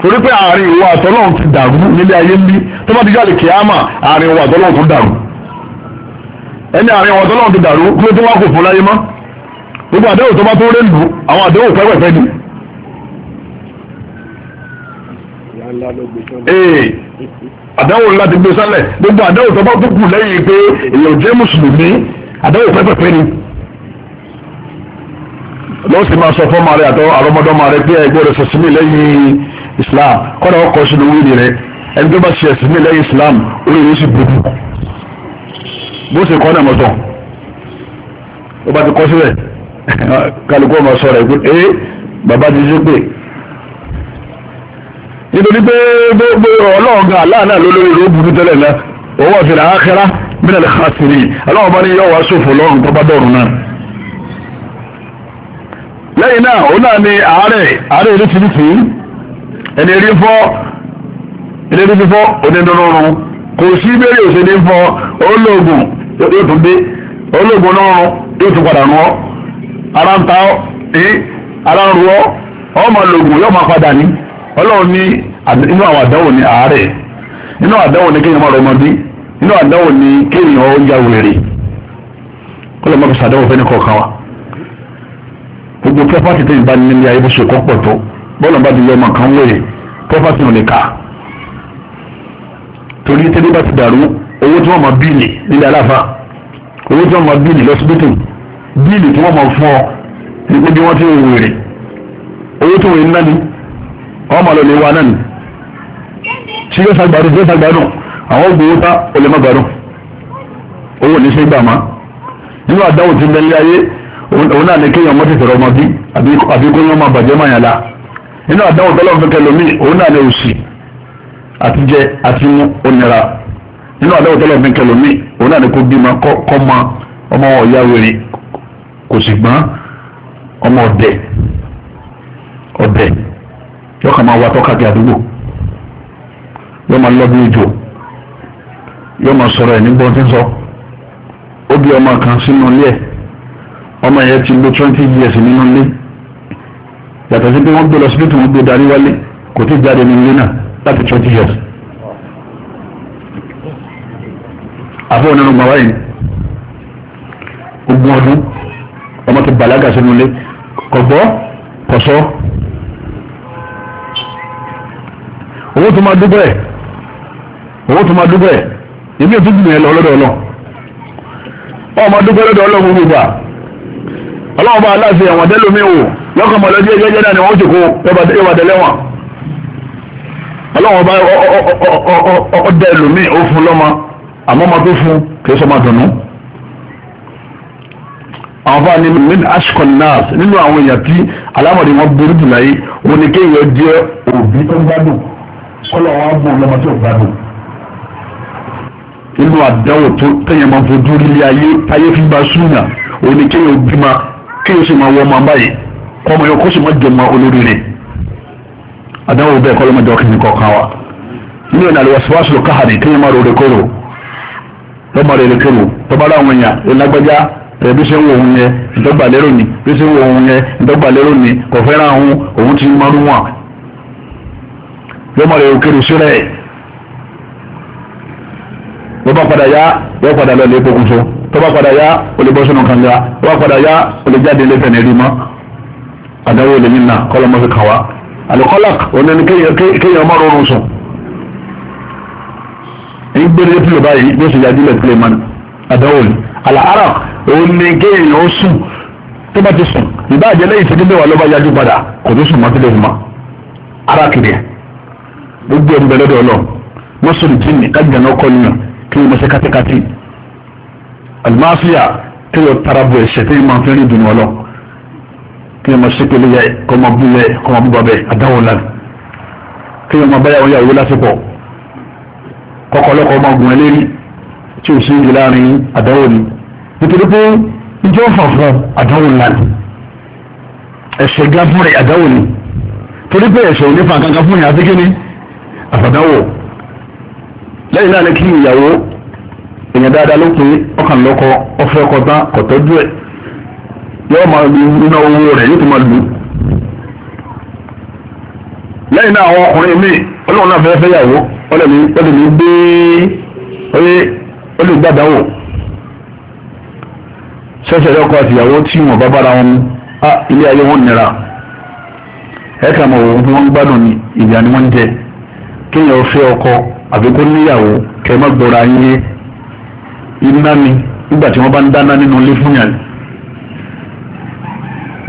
Speaker 1: torí pé àárín ìwọ àtọ́lọ́run ti dàrú nílé ayé ń bí tó bá ti jáde kìámà àárín ìwọ àtọ́lọ́run tó dàrú ẹni àárín àwọn tọ́lọ́run ti dàrú kí ló tún wá kò fún láyé mọ́ gbogbo àdéhùn tó bá tó rẹ́ lù àwọn àdéhùn pẹ́pẹ́pẹ́ ni. àdéhùn ńlá ti gbé sálẹ̀ gbogbo àdéhùn tó bá tó kù lẹ́yìn pé èèyàn jẹ́ mùsùlùmí àdéhùn pẹ́pẹ́pẹ́ ni. lọ́wọ́ sì máa sọ fún ọmọ rẹ àtọ́ àrọ́mọdọ́mọ rẹ pé ẹgbẹ́ rẹ sọ̀sìn mi lẹ́yìn Islam kọ́ra ọkọ̀ sínú wíìlì rẹ ẹni tó bá ṣe ẹ̀sìn mi lẹ́yìn Islam orí rẹ sì burú bó ṣe kọ́ náà mọ́tọ́ ó bá ti kọ́ síbẹ̀ kálukú ọmọ sọ rẹ̀ pé ee bàbá ti ṣe pé nítorí pé gbogbo ọlọ́run gan aláàánà lólórí ló burú tẹ́lẹ̀ náà owó ọ̀fìnà ákẹ́rá mílẹ̀ lè ká sí i aláwọ̀ bá ní yọ̀ wá ṣòfò lọ́rùn tó bá dọ̀rùn náà lẹ́yìn náà ó náà ni àárẹ̀ àárẹ̀ eré tìrìtì ẹni eré fọ́ eré fífọ́ onídọ́rọ̀rùn kò sí bẹ́ẹ̀rẹ̀ òṣèlú fọ́ olóògùn yóò tún dé olóògùn náà rún yóò tún padà rún ọ ara ń ta ọ ẹ ara ń ru ọ ọmọ lògùn yóò máa padà ní ọlọ́run ní inú àwọn àdánwò ní àárẹ̀ inú àdánwò ní kéèyàn máa rọmọdé inú àdánwò ní kéèyàn oúnjẹ wèrè kọlọ máa fi sàdánwò fẹ́ni kọ̀ọ̀kan wa gbogbo pọ́pátì tẹ̀yìn bá nílé ayé bó ṣe kọ́ pọ̀ tó bọ́ọ̀lù bá ti yọ ọmọ kan wèrè pọ́pátì ò owó tí wọ́n mọ bíìlì nílẹ̀ aláfa owó tí wọ́n mọ bíìlì lọ́sibítù bíìlì tí wọ́n mọ fún ọ nígbà bí wọ́n ti wèrè owó tí wọ́n ń náni wọ́n mọ lọ́lẹ̀ wa náni tí yóò sàgbàdùn tí yóò sàgbàdùn àwọn ògbówó tá olè má gbàdùn owó ní sẹ́gbà má nínú àdáwò tí bẹ́ẹ̀ lé ayé òun náà ní kéèyàn mọ́ tètè ọmọ bí àbí kó yẹn máa àtijẹ àti onira nínú àdáwò tẹ́lẹ̀ mi kẹlò mí òun náà ni kò bímọ kọ́ ma ọmọ ọ̀ya wèrè kò sì gbọ́n ọmọ ọ̀dẹ̀ ọ̀dẹ̀ yóò kà máa wá tọ́ka kí àdúgbò yóò máa lọ́dún ìjò yóò máa sọ̀rọ̀ ẹ̀ nígbọ́n tí ń sọ ó ọmọ kan sínú ilé ẹ̀ ọmọ yẹn ti lo twenty years nínú ilé yàtọ̀ sí pé wọ́n gbé lọ sí pé tí wọ́n gbé darí wálé kò tí ì jáde nínú ilé náà láti twenty years. àfọwọ́n nínú gbọ̀n wáyé ogún ọdún ọmọ ti bàlágà sínú ilé kọ̀gbọ́ kọ̀sọ́ owó tó máa dúgbò ẹ̀ owó tó máa dúgbò ẹ̀ èmi ò tún jù yẹn lọ lọ́dọ̀ ọlọ́ ọmọ dúgbò lọ́dọ̀ ọlọ́ gbogbo gbà ọlọ́wọ́ bá aláṣẹ ẹ̀wọ̀n tẹ́lómi wò lọ́kọ̀ mọ̀lẹ́bí ẹgbẹ́ jẹ́dá ni wọ́n ti kó ẹwà tẹ́lẹ̀ wọn ọlọ́wọ́ bá ọdẹ ẹlòmíì ó fún lọ́mọ àmọ́ ọmọ tó fún kì í sọ máa dùnú àwọn fáwọn ní min ashkon nas nínú àwọn èèyàn tí alámọ̀dé wọn burú jù láyé wọn ni kéèyàn jẹ́ òbí tó gbádùn kọ́lọ̀ wọn bò lọ́mọ tó gbádùn nínú àdáwò tó tẹ̀yàn máa fojú lílé ayé ayé fi gba súnà òun ni kéèyàn bímọ kéèyàn sì máa wọ ọmọ báyìí kọ́mọ yẹn kó sì máa jọmọ olórí rẹ̀ àdáwò bẹ́ẹ̀ kọ́lọ́mọdé ọkùnrin kọ̀ọ̀kan wa nínú ìlànà ìwàsíwàsí lọ káhàdì kéèyàn máa rò rẹ̀ kóró tọ́mọ rẹ̀ lè kéwò tọ́ba láwọn èèyàn ìlágbájá ẹ bí ṣe ń wo òun yẹn ìdọ́gba lérò ni bí ṣe ń wo òun yẹn ìdọ́gba lérò ni kò fẹ́ràn òun òun ti mọ́rú wọn. yọmọ rẹ̀ òkèrè sílẹ̀ bọ́bá padà yá yọ padà lọ lè pokùnso tọ́ba padà yá olùbọ́sọ̀nù kan yá tọ́ba padà yá olùjáde lè fẹ̀nẹ̀ rí mọ́ àdáwó lè nínà kọ́lọ́mọ́sí kàwá àlùkọ́lá kéèyàn má rọrùn sùn ní gbére pílò báyìí yóò sì yájú lẹ̀ pílò mọ́ni àdánwò ni àlàárà òun ni kéèyàn ó sùn tó bá ti sùn ìbá àjẹ lẹ́yìn tí níbẹ̀ wà ló bá yájú padà kò tó sùn mọ́ pílò mọ́ ara kiri gbogbo ẹ̀ ń bẹ lọ́dọ̀ ọlọ́ mọ́sùn tí ní kájà náà kọ́ nínú kí wọ́n mọ́sẹ́ kátíkátí àlùmáfíà kí wọ́n tara bu ẹ̀ṣẹ̀ tí wọ́n fi rí dùn ọlọ́ kí wọ́n mọ́sẹ́ pẹ̀lú yẹ kọ́mọ bú yẹ kọ́mọ bú bàbẹ̀ àdánwò lánàá kí wọ́n mọ́ báyàwó yàwó lásìkò kọkọlọkọ ọmọ ogun ẹlẹ́rìí tí o sì láàrin àdánwò ni nítorí pé njẹ́ ọ̀fọ̀fọ̀ àdánwò ńlá ni ẹ̀ṣẹ̀ gá fún rẹ̀ àdánwò ni torí pé ẹ̀ṣẹ̀ ò fa kankan fún yàrá kékeré àfàdánwò lẹ́yìn náà ni kí ìyàwó èèyàn dáadáa ló pé ọkàn lọ́kọ ọfẹ́ ọkọ tán kọ̀tọ́jú ẹ̀ yóò máa lu iná owó rẹ̀ yóò tún máa lu lẹ́yìn náà àwọn ọkùnrin míì ọlọ́run náà fẹ́ fẹ́ yàwó ọlọ́mi ọlọ́mi gbé ọyẹ olùgbàdánwò ṣẹ̀ṣẹ̀ lọ́kọ àtìyàwó tí wọ́n bá bára wọn mú á ilé ayé wọn nira ẹ̀ka mọ̀ òun fún wọn gbádùn ní ìyá ni wọ́n ń jẹ kéèyàn fẹ́ ọkọ àbí kó níyàwó kẹ́ ẹ má gbọ́ra yín iná ni nígbà tí wọ́n bá ń dáná nínú ilé fún yàn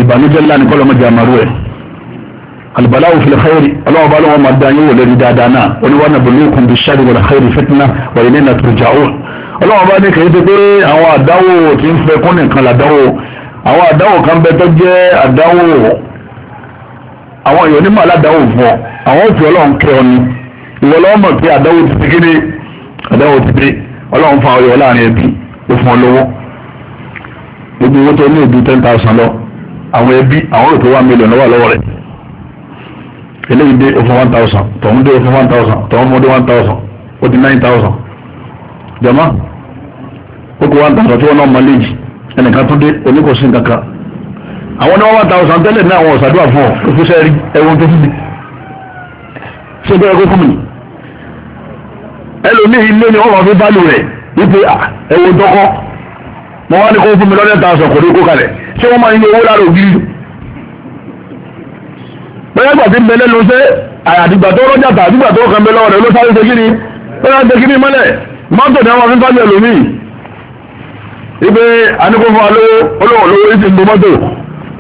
Speaker 1: ìbànújẹ́ ńlá ni kọ́lọ́mọdé àmàrú ẹ̀ albaláwo fil khayri ọlọ́wọ́ bá lọ́wọ́ máa dá yín wò lórí dáadáa náà oníwàna bulūkum bish-sharri wal khayri fitna wa ilayna turja'un ọlọ́wọ́ bá ní kì í ti pé àwọn àdáwò tí ń fẹ́ kún nìkan làdáwò àwọn àdáwò kan bẹ tó jẹ́ àdáwò àwọn èèyàn onímọ̀ aládàáwò fún ọ àwọn òfin ọlọ́run kẹ ọ ni ìwọ lọ́wọ́ mọ̀ pé àdáwò ti ti ni àdáwò ti dé ọlọ́run fa ọyọ láàrin ẹbí ó fún ọ gbogbo owó tó ní ìdú ten thousand lọ àwọn ẹbí àwọn òfin one million lọ́wọ́ lọ́wọ́ rẹ̀ eléyìí dé òfin one thousand tọ̀hún dé òfin one thousand tọ̀hún mọ́ dé one thousand ó di nine thousand jama ó kó one thousand tí wọ́n náà mọ léyìí ẹnìkan tó dé oníkòsí kankan àwọn ní wọ́n one thousand tẹ́lẹ̀ ní àwọn ọ̀sàdúrà fún ọ òfin sẹ́ẹ̀rí ẹ̀wọ̀n tó fún mi ṣé bẹ́ẹ̀ kó fún mi ẹlòmíì ilé ni wọ́n máa fi bálù rẹ̀ wípé ẹ̀wọ̀n tọkọ mo wá ní kó fún mi lọ́dẹ̀ thousand kò ní kó kalẹ̀ ṣé wọ́n máa ń yẹ owó lára ògiri bẹ́ẹ̀ gbà tí ń bẹ lẹ́nu ṣe àyàdìgbà tó rọ́jà tà àdìgbà tó kàn bẹ lọ́wọ́ rẹ̀ ló sáré ṣe kíni bẹ́ẹ̀ ṣe kíni mọ́lẹ̀ mọ́tò ní àwọn fífájú ẹlòmíì ibi anikófó alówó olówó olówó yìí ń bo mọ́tò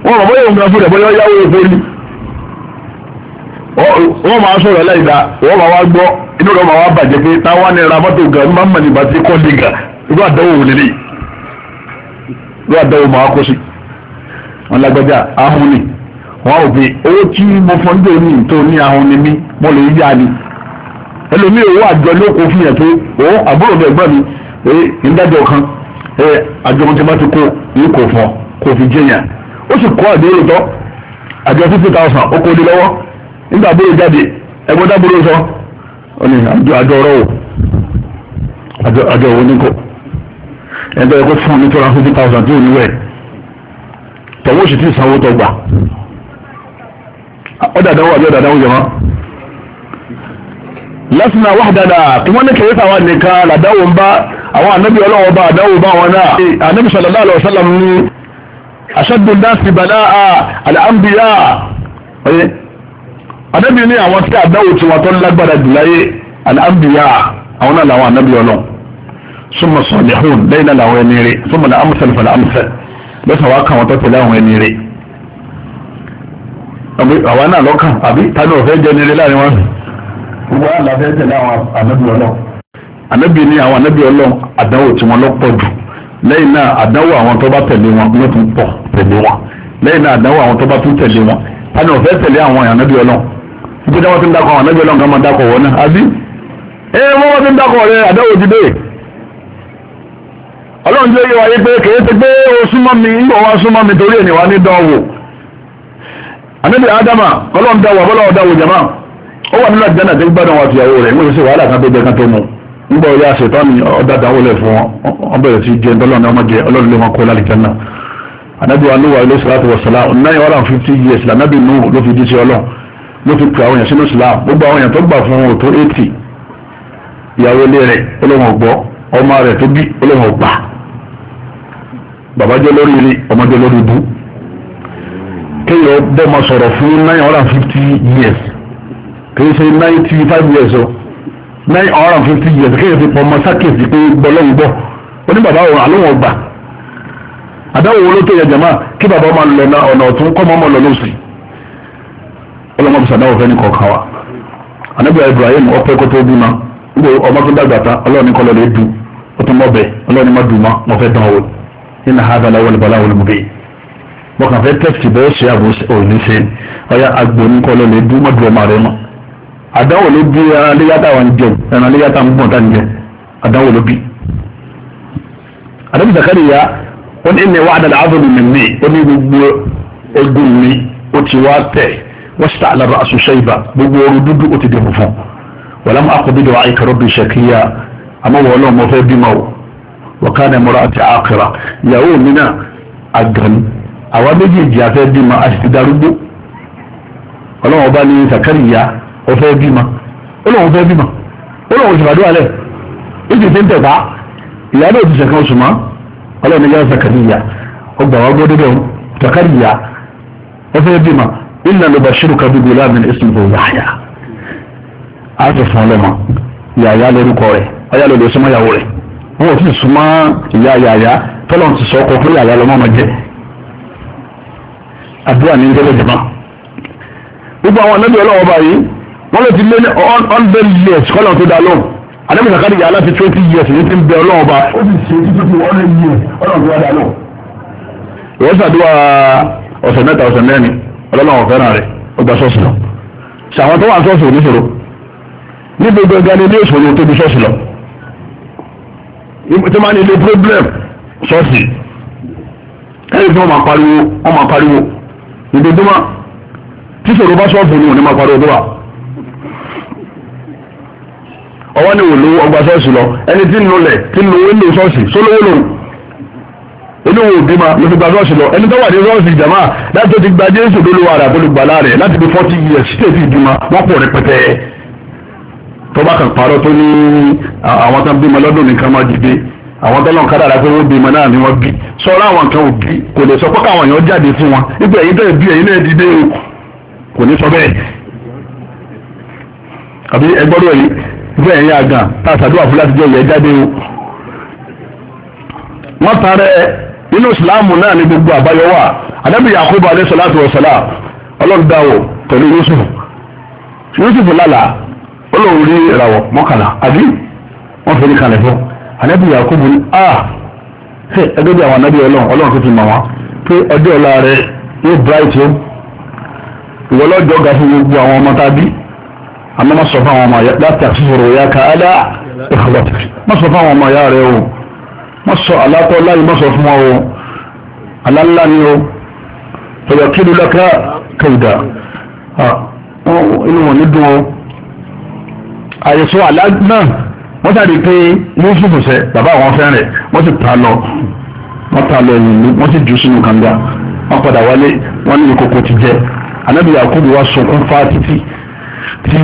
Speaker 1: wọn bọ̀ bóyá òǹkà fúnlẹ̀ bóyá yáwó epo ni wọ́n máa sọ̀rọ̀ láìda wọ́n máa wá gbọ́ inú rẹ̀ máa wá bàjẹ́ pé táwa ní ra mọ́tò gan máa ń mọ̀ nígbà tí kọ́ lè gà irú àdáwò wò lélẹ̀ irú àdáwò máa wọn ò fi owó tí mo fọ́n dé ní ìtò ní ahun ni mí mo lè yá ni ẹlòmíì owó àjọ ló kó fún yẹn pé òun àbúrò bẹ̀ gbọ́ mi ẹ ńdájọ kan ẹ àjọmọ tí wọ́n ti kó ní kò fọ́ kò fi jẹyàn ó sì kó àdéhùn tọ́ àjọ fifty thousand ó kó di lọ́wọ́ nígbà àbúrò jáde ẹgbẹ́ dábúrò sọ ọ ní àjọ àjọ ọ̀rọ̀ wò àjọ àjọ òwò ní kò ẹgbẹ́ ẹ̀kọ́ fún mi tó ra fifty thousand tí ò ní wẹ̀ tọ́wọ́ sì ti sanwó tó gbà ọ̀dàdánwò àbí ọ̀dàdánwò jẹ̀mọ́ lásìnà wàhádàdà tí wọ́n ní kẹ̀yẹ́ táwọn nìkan làdáwò ń bá àwọn ànábì ọlọ́wọ́ bá àdáwò bá wọn náà ànábì sallallahu alaihi wasallam ní aṣaddu nasi bala'a al-anbiya ọ̀yẹ́ ànábì ní àwọn tí àdáwò tí wọ́n tó lágbára jù láyé al-anbiya àwọn náà làwọn ànábì ọlọ́wọ́ summa salihun lẹ́yìn náà làwọn ẹni rẹ̀ summa al-amsal fal-amsal tó tẹ̀lé àwọn ẹni rẹ̀ àwa náà lọ́kàn àbí tani ò fẹ́ jẹ nílé láàrin wọn. gbogbo àwọn àlàfẹ́ tẹ̀lé àwọn ànábì ọlọ́run. ànábì ni àwọn ànábì ọlọ́run àdánwò tí wọ́n lọ́pọ̀ jù lẹ́yìn náà àdánwò àwọn tó bá tẹ̀lé wọn ló tún pọ̀ tẹ̀lé wọn lẹ́yìn náà àdánwò àwọn tó bá tún tẹ̀lé wọn tani ò fẹ́ tẹ̀lé àwọn ànábì ọlọ́run ibi tí wọ́n ti ń dakọ̀ àwọn ànábì ọlọ́run kan máa dakọ̀ wọn náà àbí ẹ wọ́n ti ń dakọ̀ rẹ àdánwò ti dé ọlọ́run jẹ́ yẹ wáyé pé kèé ti pé o súnmọ́ mi ń bọ̀ wá súnmọ́ mi torí ẹ̀ ní wá ní ànábì ádámà kọ́lọ́ ń dá wà bọ́lá ọ̀dá wò jama ó wà nínú àjẹ́nà tó gbádùn wà fìyàwó rẹ̀ ń ṣe wàhálà kan tó jẹ kan tó mu nígbà ọ̀yà ṣètọ́ ni ọ̀dà dáwó lẹ̀ fún wọn wọn bẹ̀rẹ̀ sí jẹ ntọ́lọ́ni ọmọ jẹ ọlọ́run lé wọn kó lálẹ́ jẹ́nà ànábì alúwa ilé sàlátù wà sàlá nine hundred and fifty years lànàbì nù ló fi dísí ọlọ́run ló fi pè àwọn èèyàn sínú islam gbogbo àwọn èèyàn tó gbà fún òtó eighty ìyàwó ilé rẹ̀ ọlọ́run ọ̀gbọ́ ọmọ rẹ̀ tó bí ọlọ́run ọ̀gbà bàbá jẹ́ lórí ilé ọmọ jẹ́ lórí ibú kéèyàn bọ́mọ sọrọ fún nine hundred and fifty years kì í ṣe ninety five years o nine hundred and fifty years kéèyàn fi pọ̀ ọmọ sákèsì pé gbọ́lọ́hún oníbàbá òun àlóhùn ọgbà àdáwò wo ló tó yẹ kí bàbá ọmọ lọ na ọ̀nà ọ̀tún kọ́ ọmọ lọ lọ́sì ọlọ́mọ bí sàdáwò fẹ́ ní kọ̀ọ̀kan wa Ibrahim ọ̀pẹ́ ma ọmọ tó dàgbà ta ọlọ́ọ̀ni wọn kàn fẹ́ tẹ́kìtì bẹ́ẹ̀ ṣe àbò òní ṣe ọ̀yà agbóníkọ́ ló lè dún mọ́tò ọmọ rẹ mọ́ àdánwò ló bí ẹran léyàtà wà ń jẹun ẹran léyàtà ń bọ̀ tá ń jẹ àdánwò ló bí. àdánwò Zakariya ó ní ẹnì wa àdàlà àbọ̀ mi mi ó ní gbogbo egun mi ó ti wá tẹ̀ wọ́n ṣe àlàrà àṣùṣe ibà gbogbo ooru dúdú ó ti dẹ̀ fún fún wàlámù àkọ́bídọ̀ àìkàrọ̀ bí ṣèkìyà àmọ́ wọ́n lọ́ọ́ bímọ wọ́n ká ní àti àkàrà ìyàwó mi náà àgàn àwa méjèèjì afẹ́ bímọ a sì ti darúgbó ọlọ́run ọba ní Zakariya ọfẹ́ bímọ ọlọ́run fẹ́ bímọ ọlọ́run sì fàdúrà lẹ̀ ó sì ti ń tẹ̀pá ìyá náà ti sẹ̀kan oṣù mọ́ ọlọ́run nígbà Zakariya ọgbà wa gbọ́dọ̀ bẹ́ẹ̀ Zakariya ọfẹ́ bímọ inna nubashiruka bi gulamin ismuhu Yahya a ti fún ọlọ́mọ yàyà lórúkọ rẹ̀ ọyá lóde súnmọ́ ìyàwó rẹ̀ wọn ò sì súnmọ́ ìyá yàyà àdúrà ní jẹ́lẹ̀ jama gbogbo àwọn anábì ọlọ́wọ́ báyìí wọ́n lè ti lé ní hundred years kọ́lọ̀ tó dá lóhùn anábì sàkárì yàrá ti twenty years ní ti ń bẹ ọlọ́wọ́ bá ó sì ṣe títí tí wọ́n lè yí ọlọ́wọ́ tó dá lóhùn. ìwọ́n ṣàdúrà ọ̀sẹ̀ mẹ́ta ọ̀sẹ̀ mẹ́rin ọlọ́wọ́ fẹ́ràn rẹ̀ ó gba ṣọ́ọ̀ṣì lọ ṣàwọn tó wà ṣọ́ọ̀ṣì ò ní ṣòro ní gbogbo ẹgbẹ́ ni ilé ìṣòro tó di ṣọ́ọ̀ṣì lọ tí wọ́n ní ilé problem ṣọ́ọ̀ṣì ẹ̀yìn tí wọ́n máa pariwo wọ́n máa pariwo ìdòdúmọ̀ tí sòrò bá ṣọ́ọ̀bù ni òní máa parí ọdún wa ọwọ́ ni òlò ọgbà ṣọ́ọ̀ṣì lọ ẹni tí ń lọlẹ̀ tí ń lo wíńdò ṣọ́ọ̀ṣì sólówó lòun olówó òbí ma ló fi gba ṣọ́ọ̀ṣì lọ ẹni tó wà ní ṣọ́ọ̀ṣì jama láti tó ti gba jésù lólu ara tó lè gbà láàrẹ̀ láti bí forty years tètè ìbímọ wọ́n pọ̀ rẹpẹtẹ tó bá kàn parọ́ tó ní àwọn tó ń bímọ lọ́dún nìkan máa dìde àwọn tó lọ́n kára àdáfẹ́ wọ́n bímọ náà ni wọ́n bí sọ̀rọ̀ àwọn kan òbí kò lè sọ pé káwọn èèyàn jáde fún wọn nígbà èyí tẹ̀ bí èyí náà dìde o kò ní sọ bẹ́ẹ̀ àbí ẹgbọ́dọ̀ yìí nígbà èyí àgàn tá a ṣàdúrà fún láti jẹ́ ìyẹn jáde o. wọ́n gbogbo àbáyọ wà Yakubu ọ̀sọ̀lá ọlọ́run pẹ̀lú Yusuf Yusuf lálà ọlọ́run rí ìràwọ̀ mọ́kànlá àbí wọ́n fi ní Yakubu ah, ẹgbẹ́ bí àwọn anábì ọlọ́run ọlọ́run tó ti mọ̀ wọ́n pé ọjọ́ ọ̀la rẹ yóò bright o ìwọ lọ́jọ́ ga fún gbogbo àwọn ọmọ tá a bí àmọ́ má sọ fún àwọn ọmọ ya láti àtúnṣòro ya ká á dá má sọ fún àwọn ọmọ ya rẹ o má sọ alátọ́ láyé má sọ fún wọn o alálá ni o ọ̀yọ̀ kí ló lọ́ka kẹ̀dà inú wọn ní dùn o àyẹ̀sọ àlá náà wọ́n sáré pé yusuf ṣe bàbá àwọn fẹ́rẹ̀ wọ́n sì ta lọ wọ́n ta lọ ìlú wọ́n sì jù sínú kànga wọ́n padà wálé wọ́n ní ìkókó ti jẹ anábì yakubu wa sunkún fa títí tí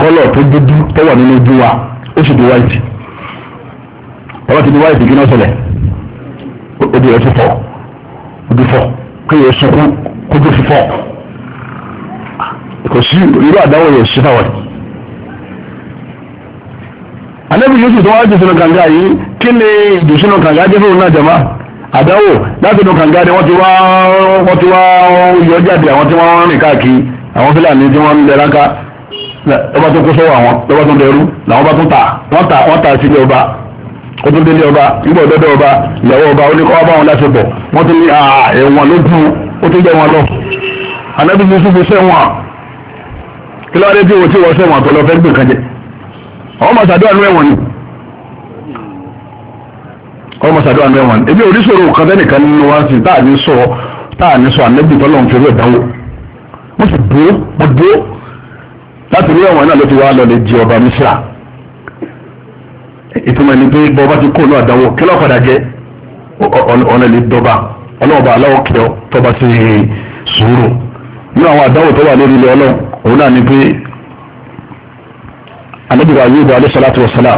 Speaker 1: kọ́lọ̀ tó dúdú tó wà nínú ojú wa ó sì di wáìtì bàbá ti di wáìtì kí náà ṣẹlẹ̀ ó di ẹsẹ̀ fọ́ ó di fọ́ kéèyàn sunkún kójú fífọ́ kò sí irú àdáwọ̀ yẹn sí fáwọn yìí ànábì yóò sì tó wájú sínú kànga yìí kí ni ìdù sínú kànga jẹ́ fóun náà jẹ̀má àdáwò láti inú kànga ni wọ́n ti wá wọ́n ti wá yọ jáde àwọn tí wọ́n rìn káàkiri àwọn fúlàní tí wọ́n ń lẹ ráká lọ́ba tó kó sọ́wọ́ àwọn lọ́ba tó dẹrú làwọn bá tún ta wọ́n ta wọ́n ta sílé ọba ó tún délé ọba nígbà òdodo ọba ìyàwó ọba ó ní kọ́ bá wọn láṣepọ̀ wọ́n tún ní ẹ̀wọ̀n ló dùn ó tún jẹ́ wọn lọ. ànábì Yusuf sẹ́wọ̀n kí ló wá dé tí wọ́n ti wọ́ sẹ́wọ̀n tó lọ fẹ́ gbìn kan jẹ́ àwọn máa ṣàdúrà nú ẹ̀wọ̀n ni àwọn máa ṣàdúrà nú ẹ̀wọ̀n ni ebi oríṣiríṣi kan tẹ́nìkan nínú wa sí táà ní sọ táà ní sọ ànẹ́bí tọ́lọ́run fi rẹ̀ dánwò wọ́n sì dúró wọ́n dúró láti rí ẹ̀wọ̀n náà ló ti wá lọ lè jẹ ọba mísírà ìtumọ̀ ẹni pé bọ́ba ti kó náà dánwò kí lọ́kọ̀dá jẹ́ ọ̀nà lè dọ́ba ọlọ́ọ̀ba aláwọ̀ kí ọ tọ́ba ti sùúrù nínú àwọn àdánwò tó wà lórí ilẹ̀ ọlọ́run anabi wa yóò bọ alẹ́ sọlá tó wọ sọlá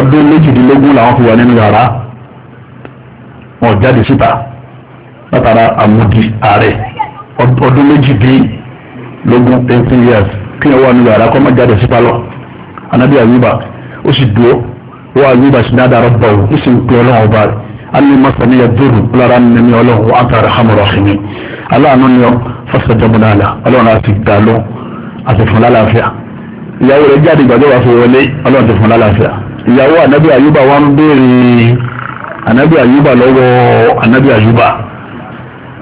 Speaker 1: ọdún méjìdínlógún làwọn fi wà nínú yàrá wọn jáde síta látara àmúdi ààrẹ ọdún méjìdínlógún eighteen years kí wọn wà nínú yàrá kọ́ máa jáde síta lọ anabi ayuba ó sì dúró wọ́n ayuba sì dáadáa rẹ bọ̀ ó sì ń pè ọlọ́run ọba rẹ̀ ani masani ya duru lára nínú ọlọ́run wa àtàrà hamara ọ̀hìnmi aláàánú ni ọ fásitì jọmọdé àlà ọlọ́run àti dàlú àti fúnlá láàfíà ìyàwó rẹ̀ jáde ìgbàjọba fi wọlé ọlọ́run ti fún lálàáfíà ìyàwó ànábì àyùbá wa ń béèrè ànábì àyùbá lọ́wọ́ ànábì àyùbá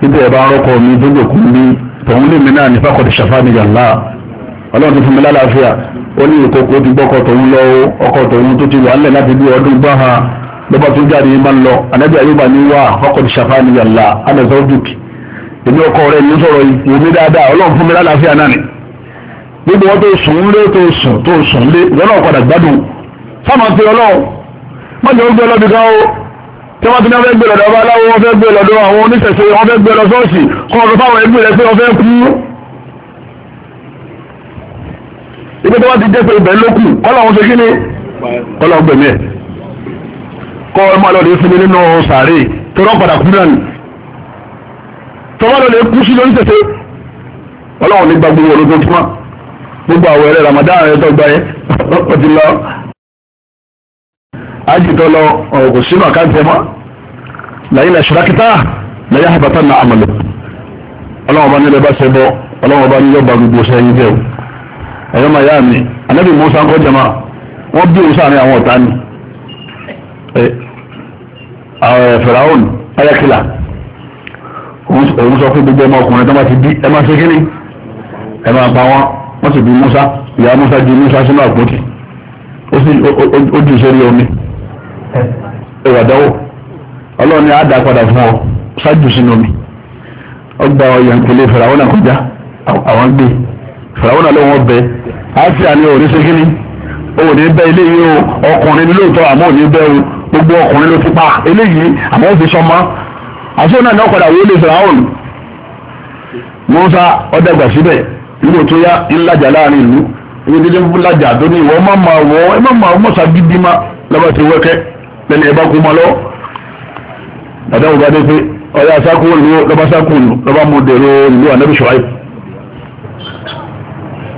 Speaker 1: níbi ẹ̀ bá ń rọ́kọ̀ mi tó gbòkú mi tòun lèmi náà ní fákọ̀tì ṣàfáàní yàrá ọlọ́run ti fún mi lálàáfíà ó ní ìkókó ti gbọ́kọ̀ tòun lọ ọkọ̀ tòun tó ti wà ńlẹ̀ láti bí ọdún gbá ha lọ́ba tó jáde yìí máa ń lọ ànábì àyùbá ní wà fákọ̀tì ṣàfáàní yàrá àdàzọ́ dùkì èmi ọkọ rẹ̀ ní sọ̀rọ̀ yìí wò mí dáadáa ọlọ́run fún mi lálàáfíà náà ni gbogbo wọn tó sùn lé tó sùn tó sùn lé ìrọ́lọ́ padà gbádùn sáma ti ọlọ́run mọ́jọ ó gbé lọ́dún kan ó tí wọ́n ti ní wọ́n fẹ́ gbé lọ́dọ̀ ọba aláwọ̀ wọ́n fẹ́ gbé lọ́dọ̀ àwọn oníṣẹ̀ṣe wọ́n fẹ́ gbé lọ sọ́ọ̀sì kọ́ ọ̀rọ̀ fáwọn ẹgbẹ́ rẹ̀ pé wọ́n fẹ́ kú. ibi tí wọ́n ti jẹ́ pé ibẹ̀ ló kù kọ́lá wọn ṣe kí ni kọ́lá wọn gbẹ̀mí ẹ̀ kọ́ ọmọ lọ́dẹ fún mi nínú sàárè tó rọ́ padà kú náà ni tọ́wọ́ lọ́dẹ kú sí lóníṣẹ̀ṣe ọlọ́run ní gbàgbọ́ ológun tí gbogbo àwọn ẹ̀rẹ́ Ramadan rẹ tọ́gbà ẹ lọ́pọ̀ ti lọ ájìtọ́ lọ ọ̀rọ̀ kò sínú àkáǹtì ẹ mọ́ láyé ilẹ̀ ṣùrákítà láyé àbátà náà àmàlẹ̀ ọlọ́wọ́n bá nílẹ̀ bá ṣe bọ́ ọlọ́wọ́n bá nílẹ̀ bá gbogbo ṣe yín bẹ́ẹ̀ ẹ̀yọ́ máa yá mi anábì Musa ń kọ́ jama wọ́n bí òun sáàrin àwọn ọ̀tá ni fẹ̀ràhùn ayakila òun sọ fún gbogbo ọmọ ọkùnrin tó bá ti bí ẹ máa ṣe kíni ẹ máa bá wọn wọ́n sì bí Musa ìyá Musa ju Musa sínú àpótí ó sì ó jù sórí omi ẹwà dáwọ́ ọlọ́run ni á dá padà fún ọ ṣáájú sínú omi ọgbà ọ̀yànkìlẹ̀ fìràwọ́n náà kọjá àwọn gbé fìràwọ́n náà lọ́wọ́ bẹ àti àní oníṣekínní òun ní bẹ ilé o ọkùnrin ní lóòótọ́ àmọ́ òní bẹ o gbogbo ọkùnrin ló ti pa eléyìí àmọ́ ó sọmọ àti òun náà ní wọlé fìràwọ́n Musa ọ̀dàgbà síbẹ̀ nígbà tó yá ńlájà láàrin ìlú ibi dídí ń lájà tó ní ìwọ má máa wọ ẹ má máa mọ̀ ságídí má lọ́ba ti wẹ́kẹ́ lẹ́nu ẹ̀ bá kú ma lọ. dàdá wo bá dé pé ọ̀yà sákòó lu lọ́ba sákòó lu lọ́ba mo dèrò ìlú ànábì ṣọ́ọ́yì.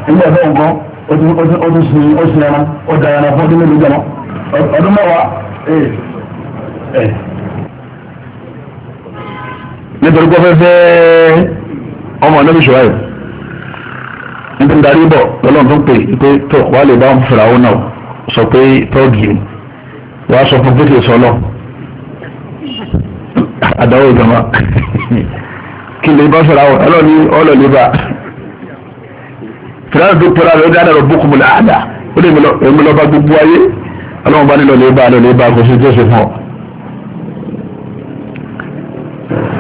Speaker 1: ilé ẹ̀fọ́ nǹkan ó ti ó ti sin ó sin ẹran ó da ẹran fún ọdún mélòó jẹun ọdún mẹ́wàá ee ee. nítorí pé ó fẹ́ fẹ́ ọmọ ànábì ṣọ́ọ́yì nítorí darí bọ̀ lọ́lọ́run tó ń pè pé tó wà lè bá fìràwọ́ náà sọ pé tọ́ọ̀gì wà á sọ fún pété sọlọ àdáwò ìjọba kí lè bá fìràwọ́ ọlọ́ni ọlọ́ni bá fìràwọ́ tó pẹ́ra rẹ̀ ó dáná lọ bókùnmù láàdá ó lè mi lọ bá gbogbo ayé ọlọ́run bá nílò lè bá lọ lè bá kò sí tó ṣe fún ọ.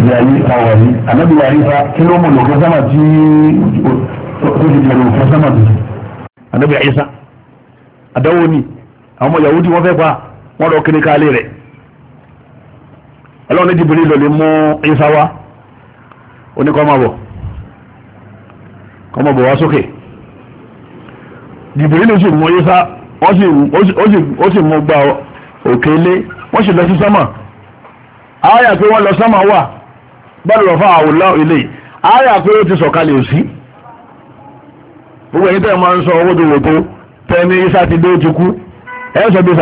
Speaker 1: ìyá yìí àwọn yìí ànábìyà yìí kí ló mú lòkè sábà tí tó fi bẹ̀rù fún sámà mi ànábì àyíṣà àdáwò ni àwọn ọmọ yahudi wọ́n fẹ́ pa wọ́n lọ kiri káálé rẹ̀ ọlọ́run ní dìbò nílò lè mú àyíṣà wá oníkọ́mọ̀bọ̀ kọ́mọ̀bọ̀ wá sókè dìbò nílò sì mú àyíṣà ó sì mú gba òkè ilé wọ́n sì lọ sí sámà àáyà pé wọ́n lọ sámà wà bá lọ́ọ́ fún àwòlá ilé àáyà pé ó ti sọ̀kalẹ̀ òsì. gbogbo ẹni tẹ́ máa ń sọ owó dòwò tó tẹ́ ní sátidé ó ti kú ẹ sọ bí o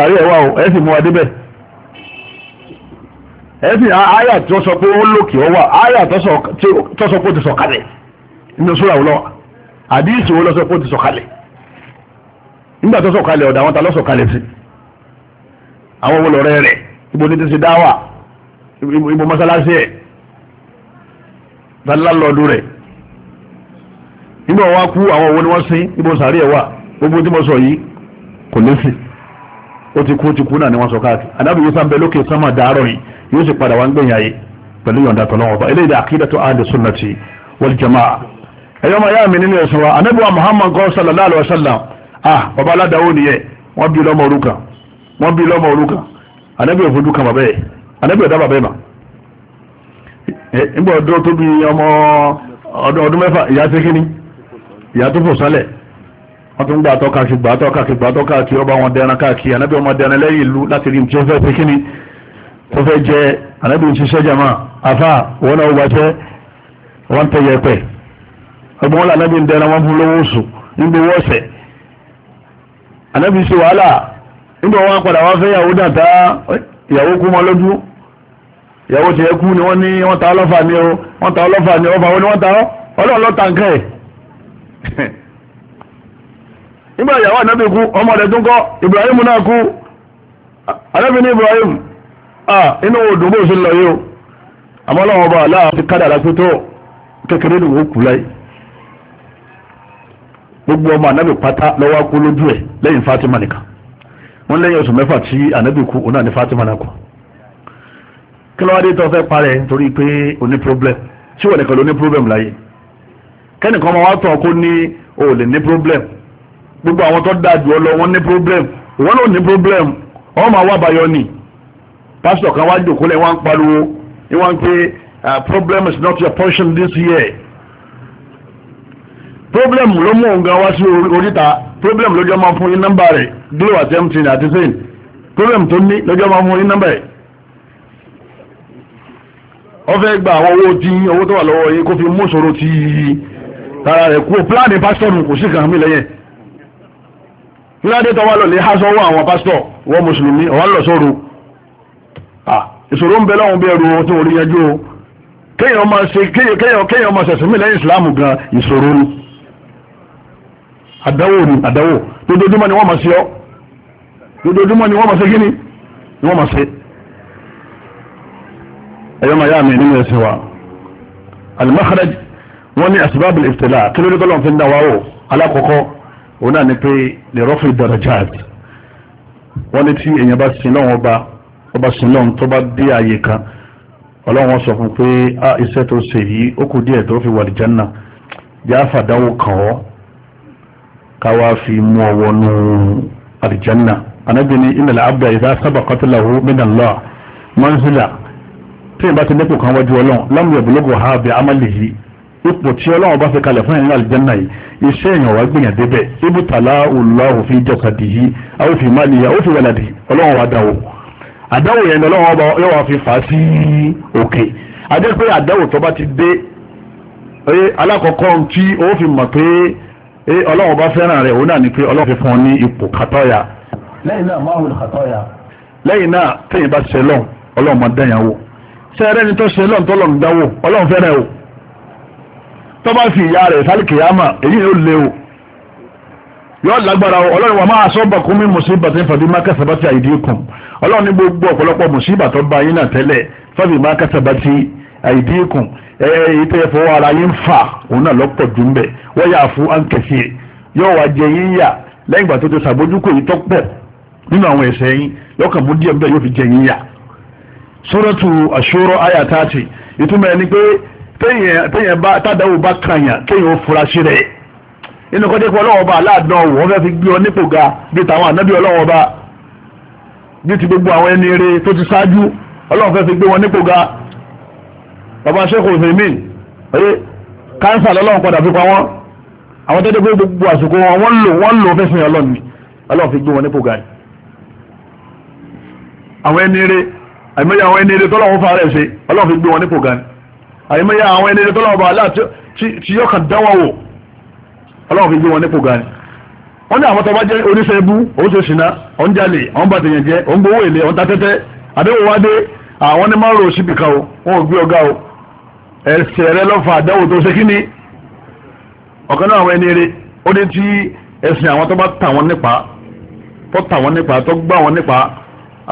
Speaker 1: ẹ sì mú wa débẹ̀ ẹ sì áyà tó sọ pé ó lòkè ọwà sọ pé ó ti sọ kalẹ̀ nínú sóra òun lọ́wọ́ àdíìsì wo lọ́sọ pé ó ti sọ kalẹ̀ nígbà tó sọ kalẹ̀ ọ̀dà àwọn ta ibo ní ti ṣe ibo nígbà wá kú àwọn òwò ni wọ́n sin ibo sàárì ẹ̀ gbogbo tí mo sọ yìí kò lẹ́sìn ó ti kú ó ti kú náà ni wọ́n sọ káàkiri anábìyí sáńbẹ lókè sánmà dàárọ̀ yìí yóò sì padà wá ń gbẹ̀yìn ayé pẹ̀lú yọ̀ǹda tọ́lọ́wọ́ bá eléyìí àkídàtu ahli mi nínú wa muhammad ah baba aládàáwò nìyẹn wọ́n bí bí bàbá yẹ bàbá yẹ ọdún ọmọ ọdún mẹ́fà ìyá ìyá tó fò sálẹ̀ wọ́n tún gbà tọ́ka kí gbà tọ́ka kí gbà tọ́ka kí ọba wọn dẹran káàkiri ànábì ọmọ dẹran lẹ́yìn ìlú láti rí tó fẹ́ jẹ ń ṣiṣẹ́ afa wọn náà jẹ́ wọ́n ọgbọ́n wọn ń dẹran wọn fún lówó oṣù níbi owó ọ̀sẹ̀ ṣe wàhálà wọn padà fẹ́ dàtà kú lójú nígbà ìyàwó ànábì kú ọmọ rẹ̀ tún kọ́ Ibrahim náà kú ní Ibrahim inú odò bó ṣe lọ yìí o àmọ́ ọlọ́wọ́ bá aláà ti kádàrá pé kékeré ni wọ́n kú láyé gbogbo ọmọ ànábì pátá lọ́wọ́ kú lójú ẹ̀ lẹ́yìn Fatima nìkan wọ́n lẹ́yìn oṣù mẹ́fà tí ànábì kú òun náà ní Fatima náà kí tó fẹ́ parẹ́ pé problem kẹ́nìkan máa wá tàn kó ní o lè ní problem gbogbo àwọn tó dáa jù ọ lọ wọ́n ní problem wọ́n ló ní problem wọ́n máa wá bayọ ni pásítọ̀ kan wá jòkó lẹ́yìn wọ́n ń pariwo ah, ni wọ́n ń problem is not your portion this year problem ló mú òun gan wá sí oríta problem lójọ́ máa fún yín nọ́mbà rẹ̀ glo àti mtn àti sin problem tó ní lọ́jọ́ máa mú iná bẹ̀rẹ̀ ọ fẹ́ gba àwọn owó tí owó tó wà lọ́wọ́ yìí kó fi mú ṣòro ti tara rẹ̀ kú pílánì pásítọ̀ nù kò sí kan mí lẹ́yìn pílánì tó wà lọ́lẹ̀ há sọ́wọ́ àwọn pásítọ̀ wọ́n mùsùlùmí ọ̀wá lọ sóru ìṣòro ń bẹ lọ́wọ́n bí ẹrù tí wọ́n rí yanjú o kéèyàn máa ṣe kéèyàn kéèyàn máa ṣẹ̀sìn mí lẹ́yìn ìsìláàmù gan ìṣòro ni àdáwò ni àdáwò dojoojúmọ́ ni wọ́n máa ṣe ọ́ dojoojúmọ́ ni wọ́n máa ṣe kíni ni wọ́n máa ṣe ẹ̀yọ́ máa yá mi nínú ẹ̀sìn wa al wọ́n ní asibab al-ibtila kí ló ní tọ́lọ́ fi ń dá wa o alákọ̀ọ́kọ́ òun náà ni pé lè rọ́fì darajat wọ́n ní tí èèyàn bá sin lọ́wọ́ ọba ọba sin lọ́wọ́ tó bá dé àyè kan ọlọ́wọ́n sọ fún pé a iṣẹ́ tó ṣe yìí ó kù díẹ̀ tó fi wà ní janna yá fàdánwò kàn ọ́ káwá fi mú ọ wọnú àlìjánná anábì ní innal abda idha sabaqat lahu minallahi manzila tí ìbá ti dẹ́kun kan wájú ọlọ́run lam yablugha bi amalihi ipò tí ọlọ́run bá fi kalẹ̀ fún ìrìnlẹ̀ àlìjẹ́nà yìí iṣẹ́ èèyàn wá gbìyàn débẹ̀ ibùtàlá òlùlá òfin jọkàdì yìí àwòfin máàlìyà òfin wàlàdì ọlọ́run wá dáwò àdáwò yẹn ọlọ́run ọba yóò wá fi fà á sí òkè adé pé àdáwò tó bá ti dé alákọ̀ọ́kọ́ tí ó fi mọ̀ pé ọlọ́run bá fẹ́ràn rẹ̀ òun náà ni pé ọlọ́run fi fún ọ ní ipò kàtọ́yà lẹ́yìn náà máa wùlù kàtọ́yà lẹ́yìn náà tọ́ba sì ìyá rẹ̀ sálìkìyàmà èyí ni ó lé o yọ lágbára ọlọ́run wa máa sọ́bà kún mí mùsíbà tí ń fàbí má kásàbá ti àìdí kùn ọlọ́run ní gbogbo ọ̀pọ̀lọpọ̀ mùsíbà tó bá yín náà tẹ́lẹ̀ fàbí má kásàbá ti àìdí kùn ẹ èyí tẹ́ fọwọ́ ara yín fà òun náà lọ́pọ̀ jù ń wọ́n yà fún àǹkẹ́sì ẹ̀ yọ wá jẹ yín yà lẹ́yìn ìgbà tó ti sàbójúkò yìí tó pọ̀ nínú àwọn ẹ̀ṣẹ̀ yín lọ́kàn mú díẹ̀ bẹ́ẹ̀ yóò fi jẹ yín yà. Suratu Ashura àyà 30 ìtumọ̀ ẹni pé téèyàn bá tádàwò bá kàyàn kéèyàn ó fura sí rẹ̀ inú kọjá pé ọlọ́wọ́ bá aláàdán ọ̀wọ́ wọ́n fẹ́ fi gbé ọ nípò ga bí tàwọn ànábì ọlọ́wọ́ bá bí ti gbogbo àwọn ẹni eré tó ti ṣáájú ọlọ́wọ́ fẹ́ fi gbé wọn nípò ga bàbá sẹ́kù òfèmín oye káńsà lọ́lọ́wọ́ padà fi pa wọ́n àwọn tẹ́tẹ́ pé gbogbo àsìkò wọn wọ́n lò wọ́n lò fẹ́ sìn ọlọ́ni ọlọ́wọ́ fi gbé wọn nípò ga yìí àwọn ẹni eré àìmọye àwọn ẹni eré tọ́lọ́wọ́ fa rẹ̀ ṣe ọlọ́wọ́ fi gbé wọn nípò àyẹ̀mẹ́yà àwọn ẹni tó lọ́wọ́ bá aláà tí yóò kàn dánwò wò ọlọ́wọ́ fi gbé wọn nípò gani wọ́n ní àwọn tó bá jẹ́ oníṣẹ́ ibú òun ṣe ṣìnà òun jalè òun bá tèèyàn jẹ́ òun gbowó èlé òun ta tẹ́tẹ́ àdéhùn wá dé àwọn ní márùn òṣìbì kan o wọn ò gbé ọgá o ẹsẹ̀ rẹ lọ́fà àdáwò tó ṣe kí ni ọ̀kan náà àwọn ẹni eré ó dé tí ẹsìn àwọn tó bá tà wọn nípa tó tà wọn nípa tó gbá wọn nípa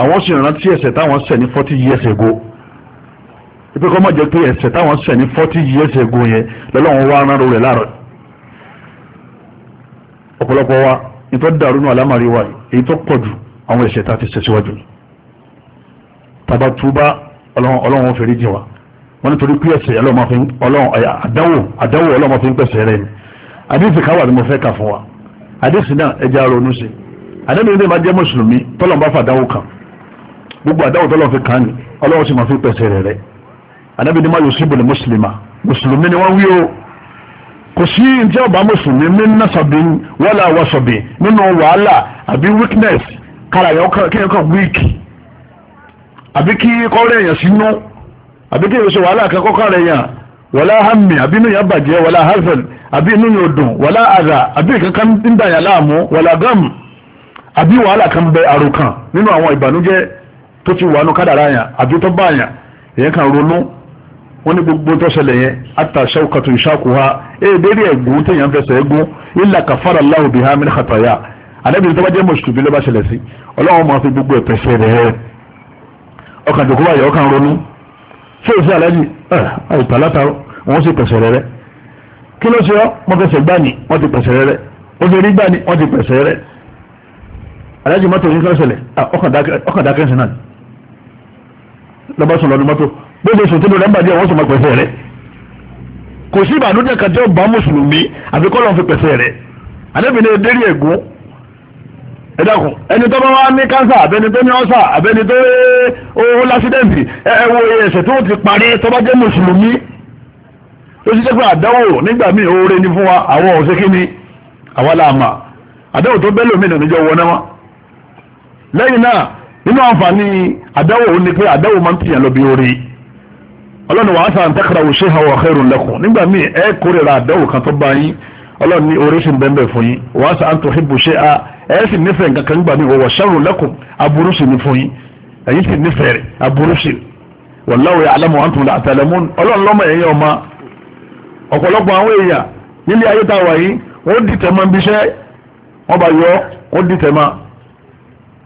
Speaker 1: àwọn sì rántí ẹsẹ̀ táwọn ṣẹ̀ ní forty years ago ipe kọ́ mọ̀ jẹ́ pé ẹ̀ṣẹ̀ táwọn ṣẹ̀ ní forty years ago yẹn lọ́lọ́run wá rán rẹ̀ láàrọ̀ ọ̀pọ̀lọpọ̀ wa ìtọ́ dàrú nù àlámàrí wa èyí tó pọ̀ jù àwọn ẹ̀ṣẹ̀ tá a ti ṣẹ̀ síwájú ni tàbá túbá ọlọ́run fèrè jìn wa wọ́n nítorí pé ẹ̀ṣẹ̀ àdánwò àdánwò ọlọ́run fi ń pẹ̀sẹ̀ rẹ̀ ni àdéhùn káwà ni mo fẹ́ kà fún wa àdéhùn náà ẹja ronú sí àdéhùn náà máa jẹ́ mùsùlùmí tọ́lọ̀ bá fàdánwò kan gbogbo àdánwò tọ́lọ̀ fi kàn ní ọlọ́run sì máa fi pẹ̀sẹ̀ rẹ̀ rẹ̀ ana ní ma yóò síbò ní mùsùlùmá ni wọ́n wí o kò sí ǹjẹ́ ọba mùsùlùmí mi ń nasọ̀bì wọ́lá nínú wàhálà àbí weakness kára yẹn kéèyàn kan weak àbí kí kọ́rẹ́ èèyàn sínú àbí kí èèyàn ṣe wàhálà akẹ́kọ̀ọ́ kọ́rẹ́ èèyàn wọ́lá hàmì àbí inú yẹn bàjẹ́ wọ́lá àbí inú yẹn dùn àdà àbí kankan ń yàn gam àbí wàhálà kan bẹ nínú àwọn tó ti wà nù àbí tó bá wọ́n ní gbogbo tó ṣẹlẹ̀ yẹn ata ṣaukatu ṣakuha ee dérí ẹ̀gún téèyàn fẹsẹ̀ ẹ̀gún illa kafara Allahu biha min khataya àdébìrì tó bá jẹ́ mùsùlùmí ló bá ṣẹlẹ̀ sí ọlọ́run máa fi gbogbo ẹ̀pẹ̀ṣẹ̀ rẹ̀ ọkàn ọkàn ronú ah, kọ́ ṣẹlẹ̀ ah, ọkàn dákẹ́ ṣe náà lọ́bàṣùn lọ́dún gbogbo sòtúndù rẹ̀ ń bàjẹ́ wọ́n sọ ma pẹ̀sẹ̀ rẹ̀ kò sí ìbànújẹ́ kan tí ó bá mùsùlùmí àfi kọ́ lọ́n fi pẹ̀sẹ̀ rẹ̀ àdébìnrin edérí ègún ẹ dákun ẹni tó bá wá ní kánsà àbẹni tó ní ọ́sà àbẹni tó owó lásídẹ́ǹtì ẹ wo ẹsẹ̀ tó ti parí tó bá jẹ́ mùsùlùmí tó ṣiṣẹ́ pé àdánwò nígbà míì oore ní fún wa àwọn ọ̀sẹ̀ kí ni àwa láàmà àdánwò tó bẹ́ẹ̀ lómìnà níjọ wọná wọn lẹ́yìn náà nínú àǹfààní àdánwò ó ní pé àdánwò máa ń tìyàn lọ bí oore yìí ọlọ́ni wàá sàn tẹ́kara wò ṣe hàn wà khairun lakum nígbà míì ẹ kórìíra àdáwò kan tó bá yín ọlọ́ni ní orí sì ń bẹ́ẹ̀ fún yín wàá sàn tó hibbu ṣe a ẹ sì nífẹ̀ẹ́ nǹkan kan nígbà míì wọ̀ sharrun lakum aburú sì ní fún yín ẹ̀yin sì nífẹ̀ẹ́ rẹ̀ aburú sì wallahu ya'lamu antum la ta'lamun ọlọ́run lọ́mọ ẹ̀yìn ọmọ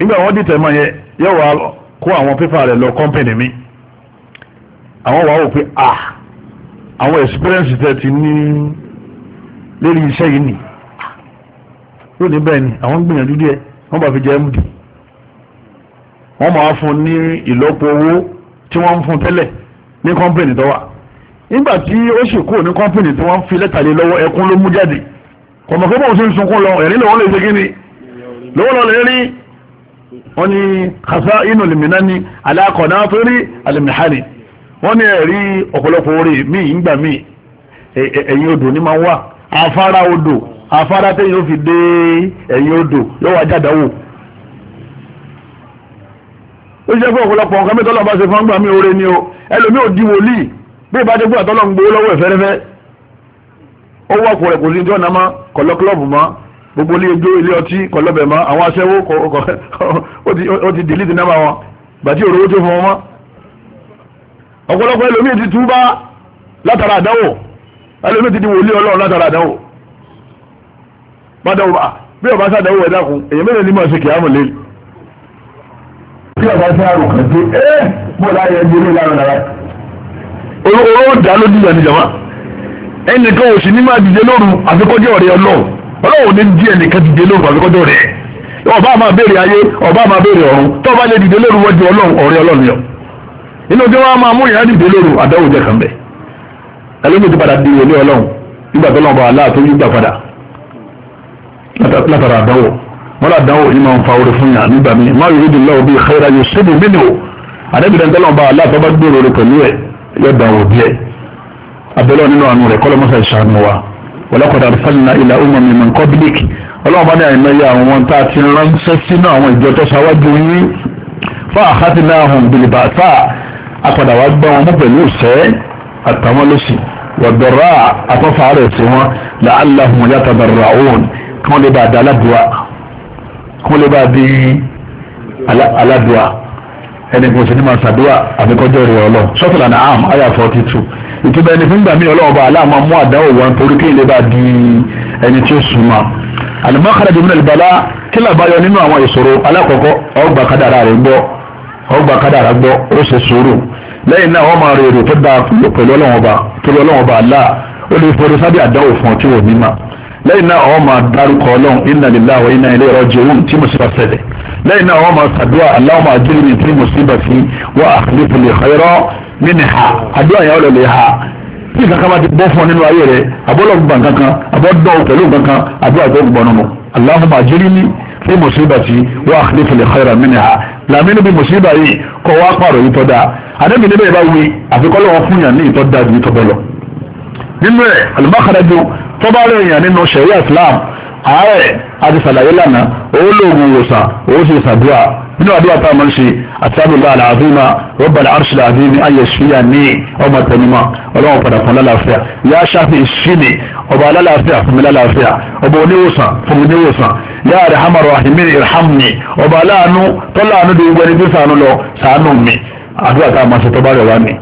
Speaker 1: ọ̀pọ̀lọpọ̀ kó àwọn pépà rẹ̀ lọ kọ́ńpìnì mi àwọn wàá wò pé ah àwọn experience tẹ ti ní lórí iṣẹ́ yìí nì yóò ní bẹ́ẹ̀ ni àwọn gbìyànjú díẹ̀ wọ́n bá fi jẹ́ md wọ́n máa fún ní ìlọ́po owó tí wọ́n ń fún tẹ́lẹ̀ ní kọ́ńpìnì tó wà nígbà tí ó sì kúrò ní kọ́ńpìnì tí wọ́n fi lẹ́tà lé lọ́wọ́ ẹkún ló mú jáde kọ̀mọ̀ pé bóun ṣe ń sunkún lọ ẹ̀rín lòun lè ṣe kí ni lòun lọ lè rí wọ́n ní kasa inú lèmínà ní alákọ̀ọ́nà torí alìmìhálì wọ́n ní ẹ̀rí ọ̀pọ̀lọpọ̀ orí míì ń gbà míì ẹ̀yìn odò ní máa wà afárá odò afárá téyìn ó fi dé ẹ̀yìn odò yóò wá jàdáwò ó ṣe fún ọ̀pọ̀lọpọ̀ nǹkan mẹ́tọ́ lọ́ba ṣe fún gbà oore ni o ẹlòmí ò di wòlíì bí ìbájẹ́ fún àtọ́lọ́ ń gbowó lọ́wọ́ ìfẹ́rẹ́fẹ́ ó wọ́ ọkùnrin kò sí ní ọ̀nà mọ́ kọ̀lọ́ kílọ̀bù mọ́ gbogbo ilé ijó ilé ọtí kọ̀lọ́bẹ̀ àwọn aṣẹ́wó ó ti ọ̀pọ̀lọpọ̀ ẹlòmíì ti túbá látara àdánwò ẹlòmíì ti di wòlíì ọlọ́run látara àdánwò mọ́dánwò bí ọba sàdánwò ẹ̀dá kun èyàn mẹ́rin ní mọ̀ sí kìámù lé bí ọba sí àrùn kan sí ẹ́ mọ̀ láyé ẹni ilé lára lára oró dá ló dìyà ní jama ẹnìkan ò sì ní máa dìde lóru àfikọ́jẹ́ ọ̀rẹ́ ọlọ́run ọlọ́run ní di ẹnìkan dìde lóru àfikọ́jẹ́ ọ̀rẹ́ ọba máa béèrè ayé ọba máa béèrè ọ̀run tó lè dìde lóru wọ́jú ọlọ́run ọ̀rẹ́ ọlọ́run yọ inú kí wọ́n máa mú ìyá dìde lóru àdáwò jẹ́ kan bẹ̀ ẹlẹ́gbẹ̀ẹ́ ti padà di ìwọlé ọlọ́run nígbà tó lọ́wọ́ aláà tó yígbà padà látara àdáwò wọ́n lọ àdáwò yìí máa ń fa orí fún yàn nígbà míì má yòó dùn lọ́wọ́ bíi xeyra yóò ṣe bí mímu àdébìdẹ́ tó lọ́wọ́ aláà tó bá gbèrò rẹ pẹ̀lú ẹ̀ yóò dáwò díẹ̀ abẹ́lẹ́ nínú àánú rẹ̀ kọ́lọ́mọ́sá ìṣàánú wa wọlọ́kọ̀dà àdìsánná ilà ọmọ mi mọ̀ nǹkan bílíkì bá ní àìmọye àwọn tá a ti ránṣẹ́ sínú àwọn ìjọ tó ṣáwájú yín fún àkátì náà hàn bìlìbàtà apàdà wá gbá wọn mú pẹ̀lú ìfẹ́ àtàwọn lọ́sìn wàdọ̀rà àtọ́fà rẹ̀ sí wọn làálàhùn yàtàdàrà òun kí wọ́n lè bá di aládùá kí wọ́n lè bá di aládùá ẹni kò sí ní màá sàdúrà àbíkọ́jọ́ rẹ̀ ọlọ́ sọ́tìlà náà àm àyà forty two ìtura ẹni fún gbàmí ọlọ́ọ̀bá aláàmọ́ mú àdáwò wọn torí kí lè bá di ẹni tí ó súnmọ́ alimakara jẹ́ múlẹ̀ bala kí làbáyọ nínú àwọn ìṣòro alákọ̀ọ́kọ́ ọgbà kádàrà rẹ̀ gbọ́ ọgbà kádàrà gbọ́ ó ṣe sùúrù lẹ́yìn náà wọ́n máa rèrè tó dáa pẹ̀lú ọlọ́wọ́n ọba torí ọlọ́wọ́n ọba Allah ó lè forí sábẹ́ àdáwò fún ọ tí wò ní ma lẹ́yìn náà wọ́n máa dárúkọ ọlọ́run inna lillahi wa inna ilayhi raji'un tí musiba ṣẹlẹ̀ lẹ́yìn náà wọ́n máa ṣàdúrà Allahumma ajirni fi musibati wa akhlif li khayra minha àdúrà yẹn ọ̀rọ̀ ha tí kankan bá ti bọ́ fún ọ nínú ayé rẹ àbọ̀lọ̀ àbọ̀dọ̀ pẹ̀lú kankan àdúrà làmínú bí mùsíbà yìí kọ́ wá pààrọ̀ yìí tọ́ da àdébì níbẹ̀ bá wí àfikọ́lọ́ wọn fún yàn ní ìtọ́ da ju ìtọ́bọ̀ lọ. nínú ẹ̀ alimakaraju tọ́ba rẹ̀ yàn nínú sẹ̀ríà Islam ààrẹ àti sàlàyé lánàá òun lóògùn ìwòsàn òun sì sàdúrà nínú àdúrà táwọn máa ń ṣe àtàbùlọ àlàáfíà rọ́bàlà àrùsùlà àdínní ayẹ̀sùyà ní ọmọ tẹnumọ́ ọlọ́wọ́n padà fún lálàáfíà yá ṣáfi ìṣíni ọba lálàáfíà fún mi lálàáfíà ọba oníwòsàn fún mi níwòsàn yá àdàhámàrò àhìmírì ìrhamni ọba aláàánú tọ́láàánú di gbẹni bí sànú lọ sànú mi àdúrà tá a máa ṣe tọ́ bá rẹ̀ wá ni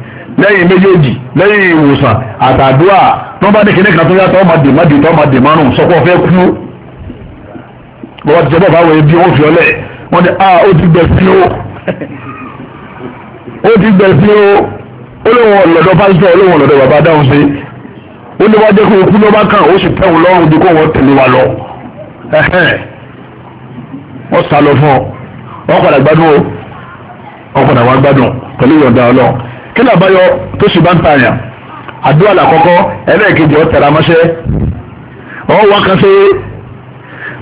Speaker 1: lẹ́yìn méjèèjì lẹ́yìn ìwòsàn àtàdúrà tó bá ní kìnnìkan tó yàtọ̀ ọmọdé mọ́dé tó ọmọdé márùn sọ́kọ́ fẹ́ kú bọ́wọ́ ti sẹ́bọ̀ báwo ebi wọ́n fi ọlẹ̀ wọ́n ní a ah, ó ti gbẹ sí o ó ti gbẹ̀sí o olóhùn ọ̀lọ́dọ̀ pásítọ̀ olóhùn ọ̀lọ́dọ̀ bàbá dáhùn sí ó ní wájú kó kú ló bá kàn ó sì tẹ̀wọ̀n lọ́rùn ju kó wọ́n tẹ̀lé wa lọ wọ́n sá lọ fún ọ wọ́n padà gbádùn o wọ́n padà wá gbádùn pẹ̀lú ìyọ̀ǹda ọlọ́ kí ló àbáyọ tó sì bá ń tààyàn àdúrà làkọ́kọ́ ẹlẹ́ẹ̀kejì ọ̀ tẹ̀ra mọ́ṣẹ́ ọ̀ wá kan sí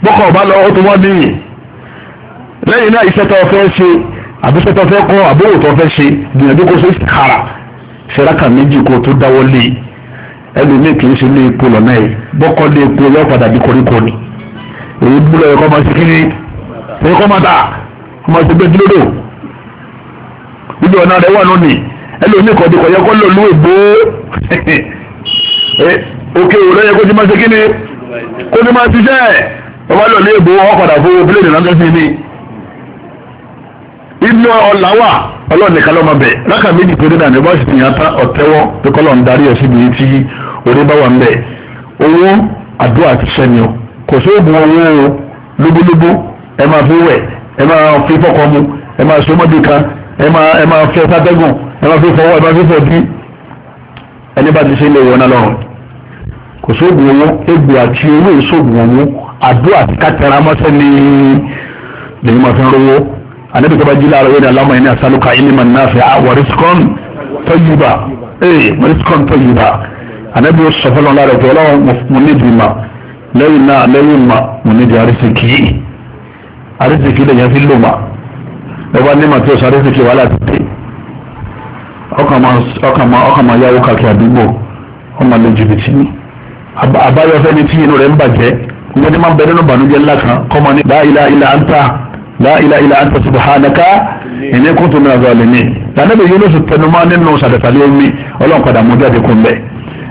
Speaker 1: bọ́kọ̀ ọ̀bá lọ ó tó wọ́n níyì lẹ́yìn náà iṣẹ́ tó fẹ́ ṣe àbíṣẹ́ tó fẹ́ kọ́ àbówò tó fẹ́ ṣe gbìyànjú kó ṣe kàrà ṣẹ́ráka méjì kó tó dáwọ́ lé ẹlòmíì kì í ṣe lé epo lọ́nà ẹ̀ bọ́kọ́ lé epo yọ padà bí koríko ni èyí búlọ̀ ẹ̀kọ́ máa ṣe kíni ẹ̀kọ́ máa dà ọmọ ṣe gbé dúró bíbí ọ̀nà rẹ̀ wà lónìí ẹlòmíì kọ́ dikọ̀ yẹ kọ́ lọ lú ègbó òkè òwúrọ̀ yẹ kó ti máa ṣe kíni kó ti máa ṣiṣẹ́ ẹ̀ ọba lọ lé ègbó ọ inú ọ̀là wà ọlọ́run nìkan lọ́mọ bẹ̀ láka méjì péré náà ní bọ́ọ̀sì tìyàn tán ọ̀tẹ́wọ́ pé kọ́lọ̀ ń darí ẹ̀ síbi tí orí bá wà ń bẹ̀ owó àdúrà ti sẹ́ni o kò sóògùn owó o lóbólóbó ẹ máa fi wẹ̀ ẹ máa fi fọkọ mu ẹ máa so mọ́bì kan ẹ máa ẹ máa fẹ́ sátẹ́gùn ẹ máa fi fọwọ́ ẹ máa fi fọ̀dí ẹni bá ti ṣe ilé ìwọ̀n lọ́rùn kò sóògùn owó egbò àti owó ìsóògùn owó àdúrà ti ká tẹra ni lèyìn máa anabi tó bá jí láàárọ̀ yóò ní aláwọ̀ yẹn ní asálùkà ilman nafi'a wa rizqan tayyiba ee eh, wa rizqan tayyiba anabi yóò sọfọ́ lọ́nà rẹ̀ jọlọ́ mo ní di ma lẹ́yìn náà lẹ́yìn ma mo ní di arísìkì arísìkì lè yẹn fi lò ma ẹ bá ní ma tí o sọ arísìkì wàhálà ti dé ọkàn máa yáwó kàkí àdúgbò ọmọ lè jìbìtì ni àbáyọ fẹ́ni tí inú rẹ̀ ń bàjẹ́ ìyẹn ní máa bẹ kan kọ́ la ilaha illa anta la ila ila anta subhanaka inni kuntu minaz zalimin lànàbí yunus tẹnumọ́ nínú sàdẹ̀sàlẹ̀ omi ọlọ́run padà mú jáde kún bẹ́ẹ̀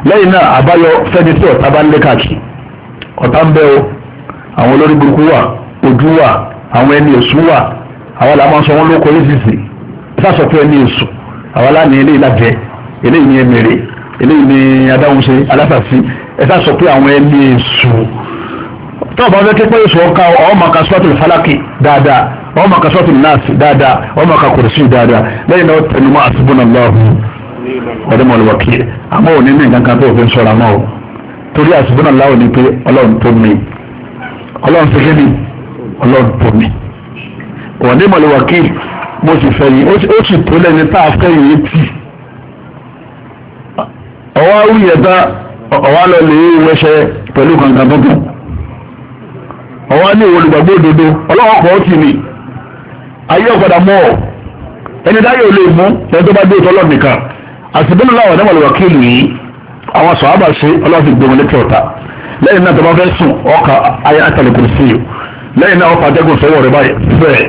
Speaker 1: lẹ́yìn náà àbáyọ fẹ́ni tí ọ̀tá bá ń lé káàkiri ọ̀tá ń bẹ o àwọn olórí burúkú wà ojú wà àwọn ẹni èṣù wà àwọn làá máa sọ wọn lóko lẹ́sìsì sásọ pé ẹni èṣù àwọn aláàní eléyìí lájẹ eléyìí ni ẹmẹrẹ eléyìí ni adáhunṣe alásàsí ẹ sásọ pé àwọn ẹni èṣù tó o bá fẹ́ képe oṣù ọ̀ka ọmọ kan sọ́tún falaki dáadáa ọmọ kan sọ́tún nọ́ọ̀sì dáadáa ọmọ kan kùrùsì dáadáa lẹ́yìn náà tẹnumọ́ hasbunallahu ọ̀dẹ́mọ̀lù wákìlì àmọ́ òní ní nǹkan kan tó o fi ń sọ̀rọ̀ àmọ́ o torí hasbunallahu ni pé ọlọ́run tó mi ọlọ́run tó kémi ọlọ́run tó mi ọ̀dẹ́mọ̀lù wákìlì mo sì fẹ́ yìí ó sì tó lẹ́ni tá a àwọn ní ìwọ olùgbàgbọ́ òdodo ọlọ́wọ́ kan ó ti nì ayé ọ̀padà mọ́ ọ ẹni dáyé ò lè mú ẹni tó bá dé ìtọ́lọ́ nìkan àtìbínú láwọn ọ̀dẹ́ mọ̀lẹ́wà kílù yìí àwọn sọ̀hábà ṣe ọlọ́fin gbẹ̀mọ̀ létí ọ̀tá lẹ́yìn náà tó bá fẹ́ sùn ọkà ayé àtàlùkù sí i lẹ́yìn náà ọkà àtẹ́gùn sọ́wọ́ rẹ̀ báyìí bẹ́ẹ̀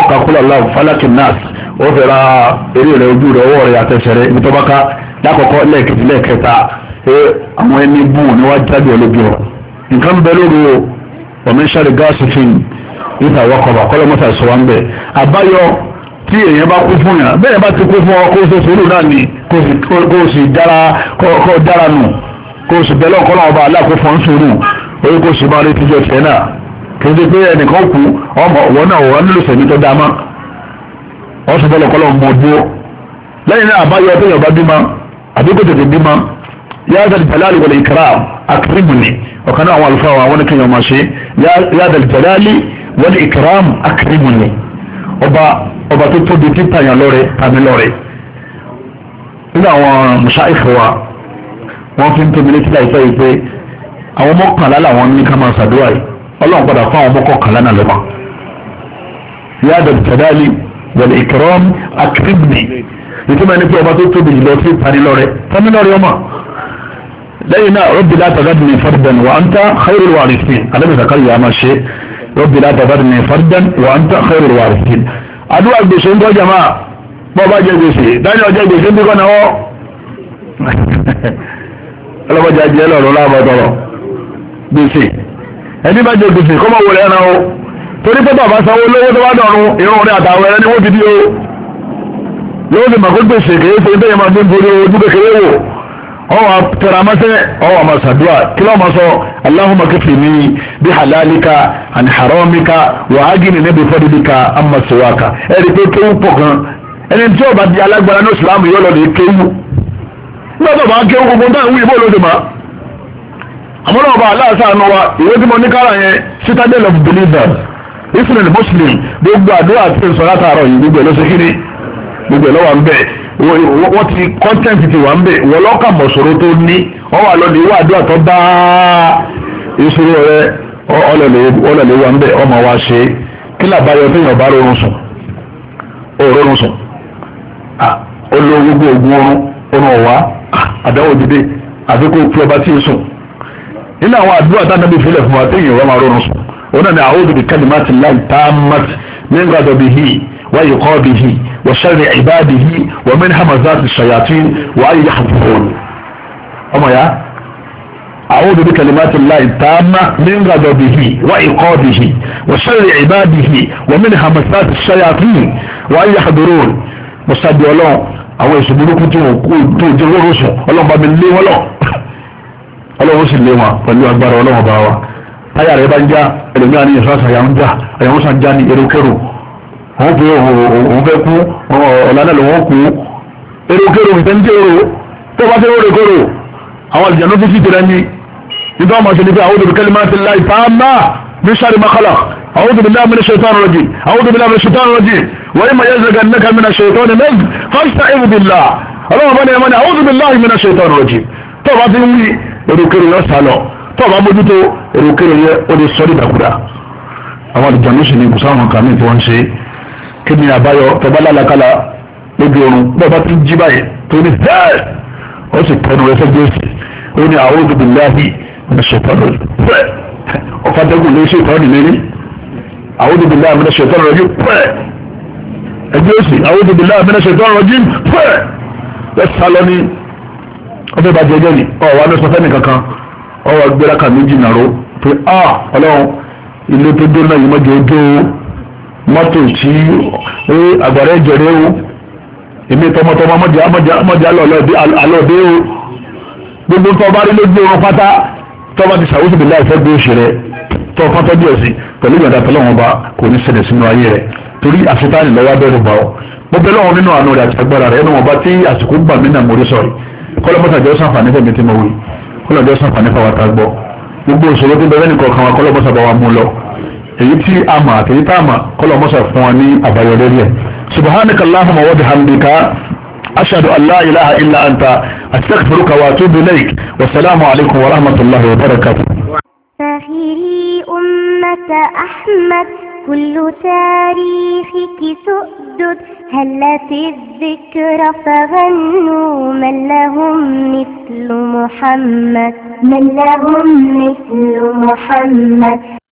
Speaker 1: ọkà kúlọ̀ láwù fálákì nas ó fẹ́ ra eré rẹ̀ ojú rẹ̀ ọwọ́ rẹ̀ àtẹ̀sẹ̀ rẹ̀ ibi tó bá ká lákọ̀ọ́kọ́ lẹ́ẹ̀kejì lẹ́ẹ̀kẹta pé àwọn ẹni bù níwájú jáde ọlọ́bí ọ nǹkan bẹ lóru o ọ̀mẹ́sàrì gáàsì fún ìta wọ́kọ̀bà kọ́lọ́mọ́sà sọ wọn bẹ́ẹ̀ àbáyọ tí èèyàn bá kú fún yàn bẹ́ẹ̀ bá ti kú fún ọ kó o ṣe sùúrù náà ni kó o sì dára kó o dára nù kó o sì bẹ́ẹ̀ lọ́kọ́ náà ọba aláàkófọ́ ń sùúrù orí kó o sì máa rí tíjọ tẹ́ náà kí n ti pé ẹnìkan kú ọmọ ọwọ́ náà wọ́n nílò sẹ̀mí tó dáa mọ́ ọ ọ̀kan náà àwọn àlùfáà àwọn oníkẹyàn máa ṣe yádàlì tẹ̀láàlì wọ́n ní ìkìrámù akérèmù ni ọba ọba tó tóbi títà yàn lọ́rẹ̀ tàbí lọ́rẹ̀ nínú àwọn mùsáìfù wa wọ́n fi ń tóbi létí láìpẹ́ yìí pé àwọn mọ́kànlá làwọn ní ká máa ṣàdúrà yìí ọlọ́run padà fún àwọn mọ́kànlá náà lọ́mọ yádàlì tẹ̀láàlì wọ́n ní ìkìrámù akérèmù ni ìtumọ̀ ẹni pé ọba tó tóbi jùlọ sí tanilọ́rẹ̀ tanilọ́rẹ̀ ọmọ lẹ́yìn náà rọ́bì látàgádì ní fardan wa anta khairul warithin alábìsà kárí àmà ṣe rọ́bì látàgádì ní fardan wa anta khairul warithin àdúrà gbèsè ń tọ́jà máa bọ́ bá jẹ gbèsè dání ọjọ́ gbèsè ń bí kọ́nà wọ́ ọlọ́bọ̀jà jẹ́ lọ́rọ̀ lábọ̀tọ̀rọ̀ gbèsè ẹni bá jẹ gbèsè kọ́mọ wọlé ẹran o torí pé bàbá sanwó lówó tó bá dọ̀run irun rẹ̀ àtàwọn ẹran ọwọ́ tẹ̀ramẹ́sẹ̀ ọwọ́ masadua kí ló ma sọ allahumma kifini bí halalika àni haramika wà á gini níbi fadlika amma siwaka ẹ̀rí pé kéwù pọ̀ kan ẹni tí ó bá di alágbára ní ìsìlámù yóò lọ lè kéwù nígbà tó bá kéwù gbogbo náà wí bóòlù dè má àmọ́ náà bá wa ìwé tí mo ní kára yẹn citadel of believers israel muslim gbogbo àdúrà àti ìsọ̀rọ̀ àtàrọ̀ yìí gbogbo ẹ̀ ló ṣe kí gbogbo ẹ̀ lọ́wọ́ à ń bẹ́ẹ̀ wọ́n ti content ti wà ń bẹ̀ wọ́n lọ́kà mọ̀sọ̀rọ̀ tó ní wọ́n wà lọ́dọ̀ ìwé àdúrà tó bá ìṣòro rẹ ọlọ́lẹ̀ wà ń bẹ̀ ọmọ wa ṣe kí làbáyọ téèyàn bá rọrùn sùn òrórùn sùn olówó gbogbo ogun oorun oorun ọ̀wá àdáwò dídé àfikún fi ọba tí ń sùn nínú àwọn àdúrà tánàbí ìfilẹ̀ fún wa téèyàn wà máa rọrùn sùn òun náà ni a'udhu bi kalimati llahi tammati min ghadabihi وعقابه وشر عباده ومن همزات الشياطين وأن يحفظون أما يا أعوذ بكلمات الله التامة من غضبه وعقابه وشر عباده ومن همزات الشياطين وأن يحضرون مصدي ọlọ́run àwọn èsì burúkú tí wọn kú tó jẹ owó rọṣọ ọlọ́run bá mi lé wọn lọ ọlọ́run sì lé wọn pẹ̀lú agbára ọlọ́run bá wa táyà rẹ bá ń já ẹlòmíràn ní ìfúrásà yà ń já ẹ̀yàn ń sàn já ní erukẹ́rù wọ́n pe òun fẹ́ kú ọ̀la náà lòun kú erékèrò ìtẹ́ńtẹ́ èrò tó bá fẹ́ rórè kóró àwọn àlùjànnú tó sì tẹ̀lé ní nígbà wọn ṣe ní pé a'udhu bi kalimatillahi tammah min sharri ma khalaq a'udhu billahi minash shaitani rajim a'udhu billahi minash shaitani rajim wa imma yanzaghannaka minash shaitani nazg fasta'idh billah ọlọ́wọ́n bá ní ẹ̀mọ́ ní a'udhu billahi minash shaitani rajim tó bá fi ń wí erékèrò yọ sálọ tó bá mójútó erékèrò yẹ ó lè sọ kí ni àbáyọ tọba lálàkàlà lójú oorun bẹ́ẹ̀ bá ti ń jí báyìí tó ní sẹ́ẹ̀ ó sì tẹnu rẹ sẹ́jọ́ sí ó ní a'udhu billahi minash shaitanir pẹ́ ọ̀fàdẹ́gùn ló ṣe ìtọ́ni lérí a'udhu billahi minash shaitanir rajim pẹ́ ẹgbẹ́ òsì a'udhu billahi minash shaitanir rajim pẹ́ bẹ́ẹ̀ sálọ ní ọfẹ́ bàjẹ́ ẹjẹ́ ni ọ̀wá ló sọ fẹ́mi kankan ọ̀wá gbéra kàmí jìnnà ro pé ah ọlọ́run ilé tó dó náà yìí mọ́jọ́ mọ́tò tí àgbàrá ìjẹ̀rẹ̀ o èmi tọmọtọmọ mọ́jà alọ́ọ̀dẹ́ o gbogbo tó bá rí lójú oorun pátá tó bá ti sàwọ́sì bìlá ìfẹ́ gbé oṣù rẹ tó pátá díẹ̀ sí pẹ̀lú ìgbàdá tọ́lọ́wọ́n bá kò ní ṣẹlẹ̀ sínú ayé rẹ torí àṣetáni lọ́wọ́ abẹ́rù bá ọ mo bẹ lọ́wọ́ nínú àánú rẹ àti agbára rẹ ẹnu wọn bá tí àsìkò gbà mí náà mo rí sọ̀rọ̀ ايتي اما تيتا ما كل ما شفواني ابيوريا سبحانك اللهم وبحمدك اشهد ان لا اله الا انت استغفرك واتوب اليك والسلام عليكم ورحمه الله وبركاته تاريخي امه احمد كل تاريخك سؤدد هل في الذكر فغنوا من لهم مثل محمد من لهم مثل محمد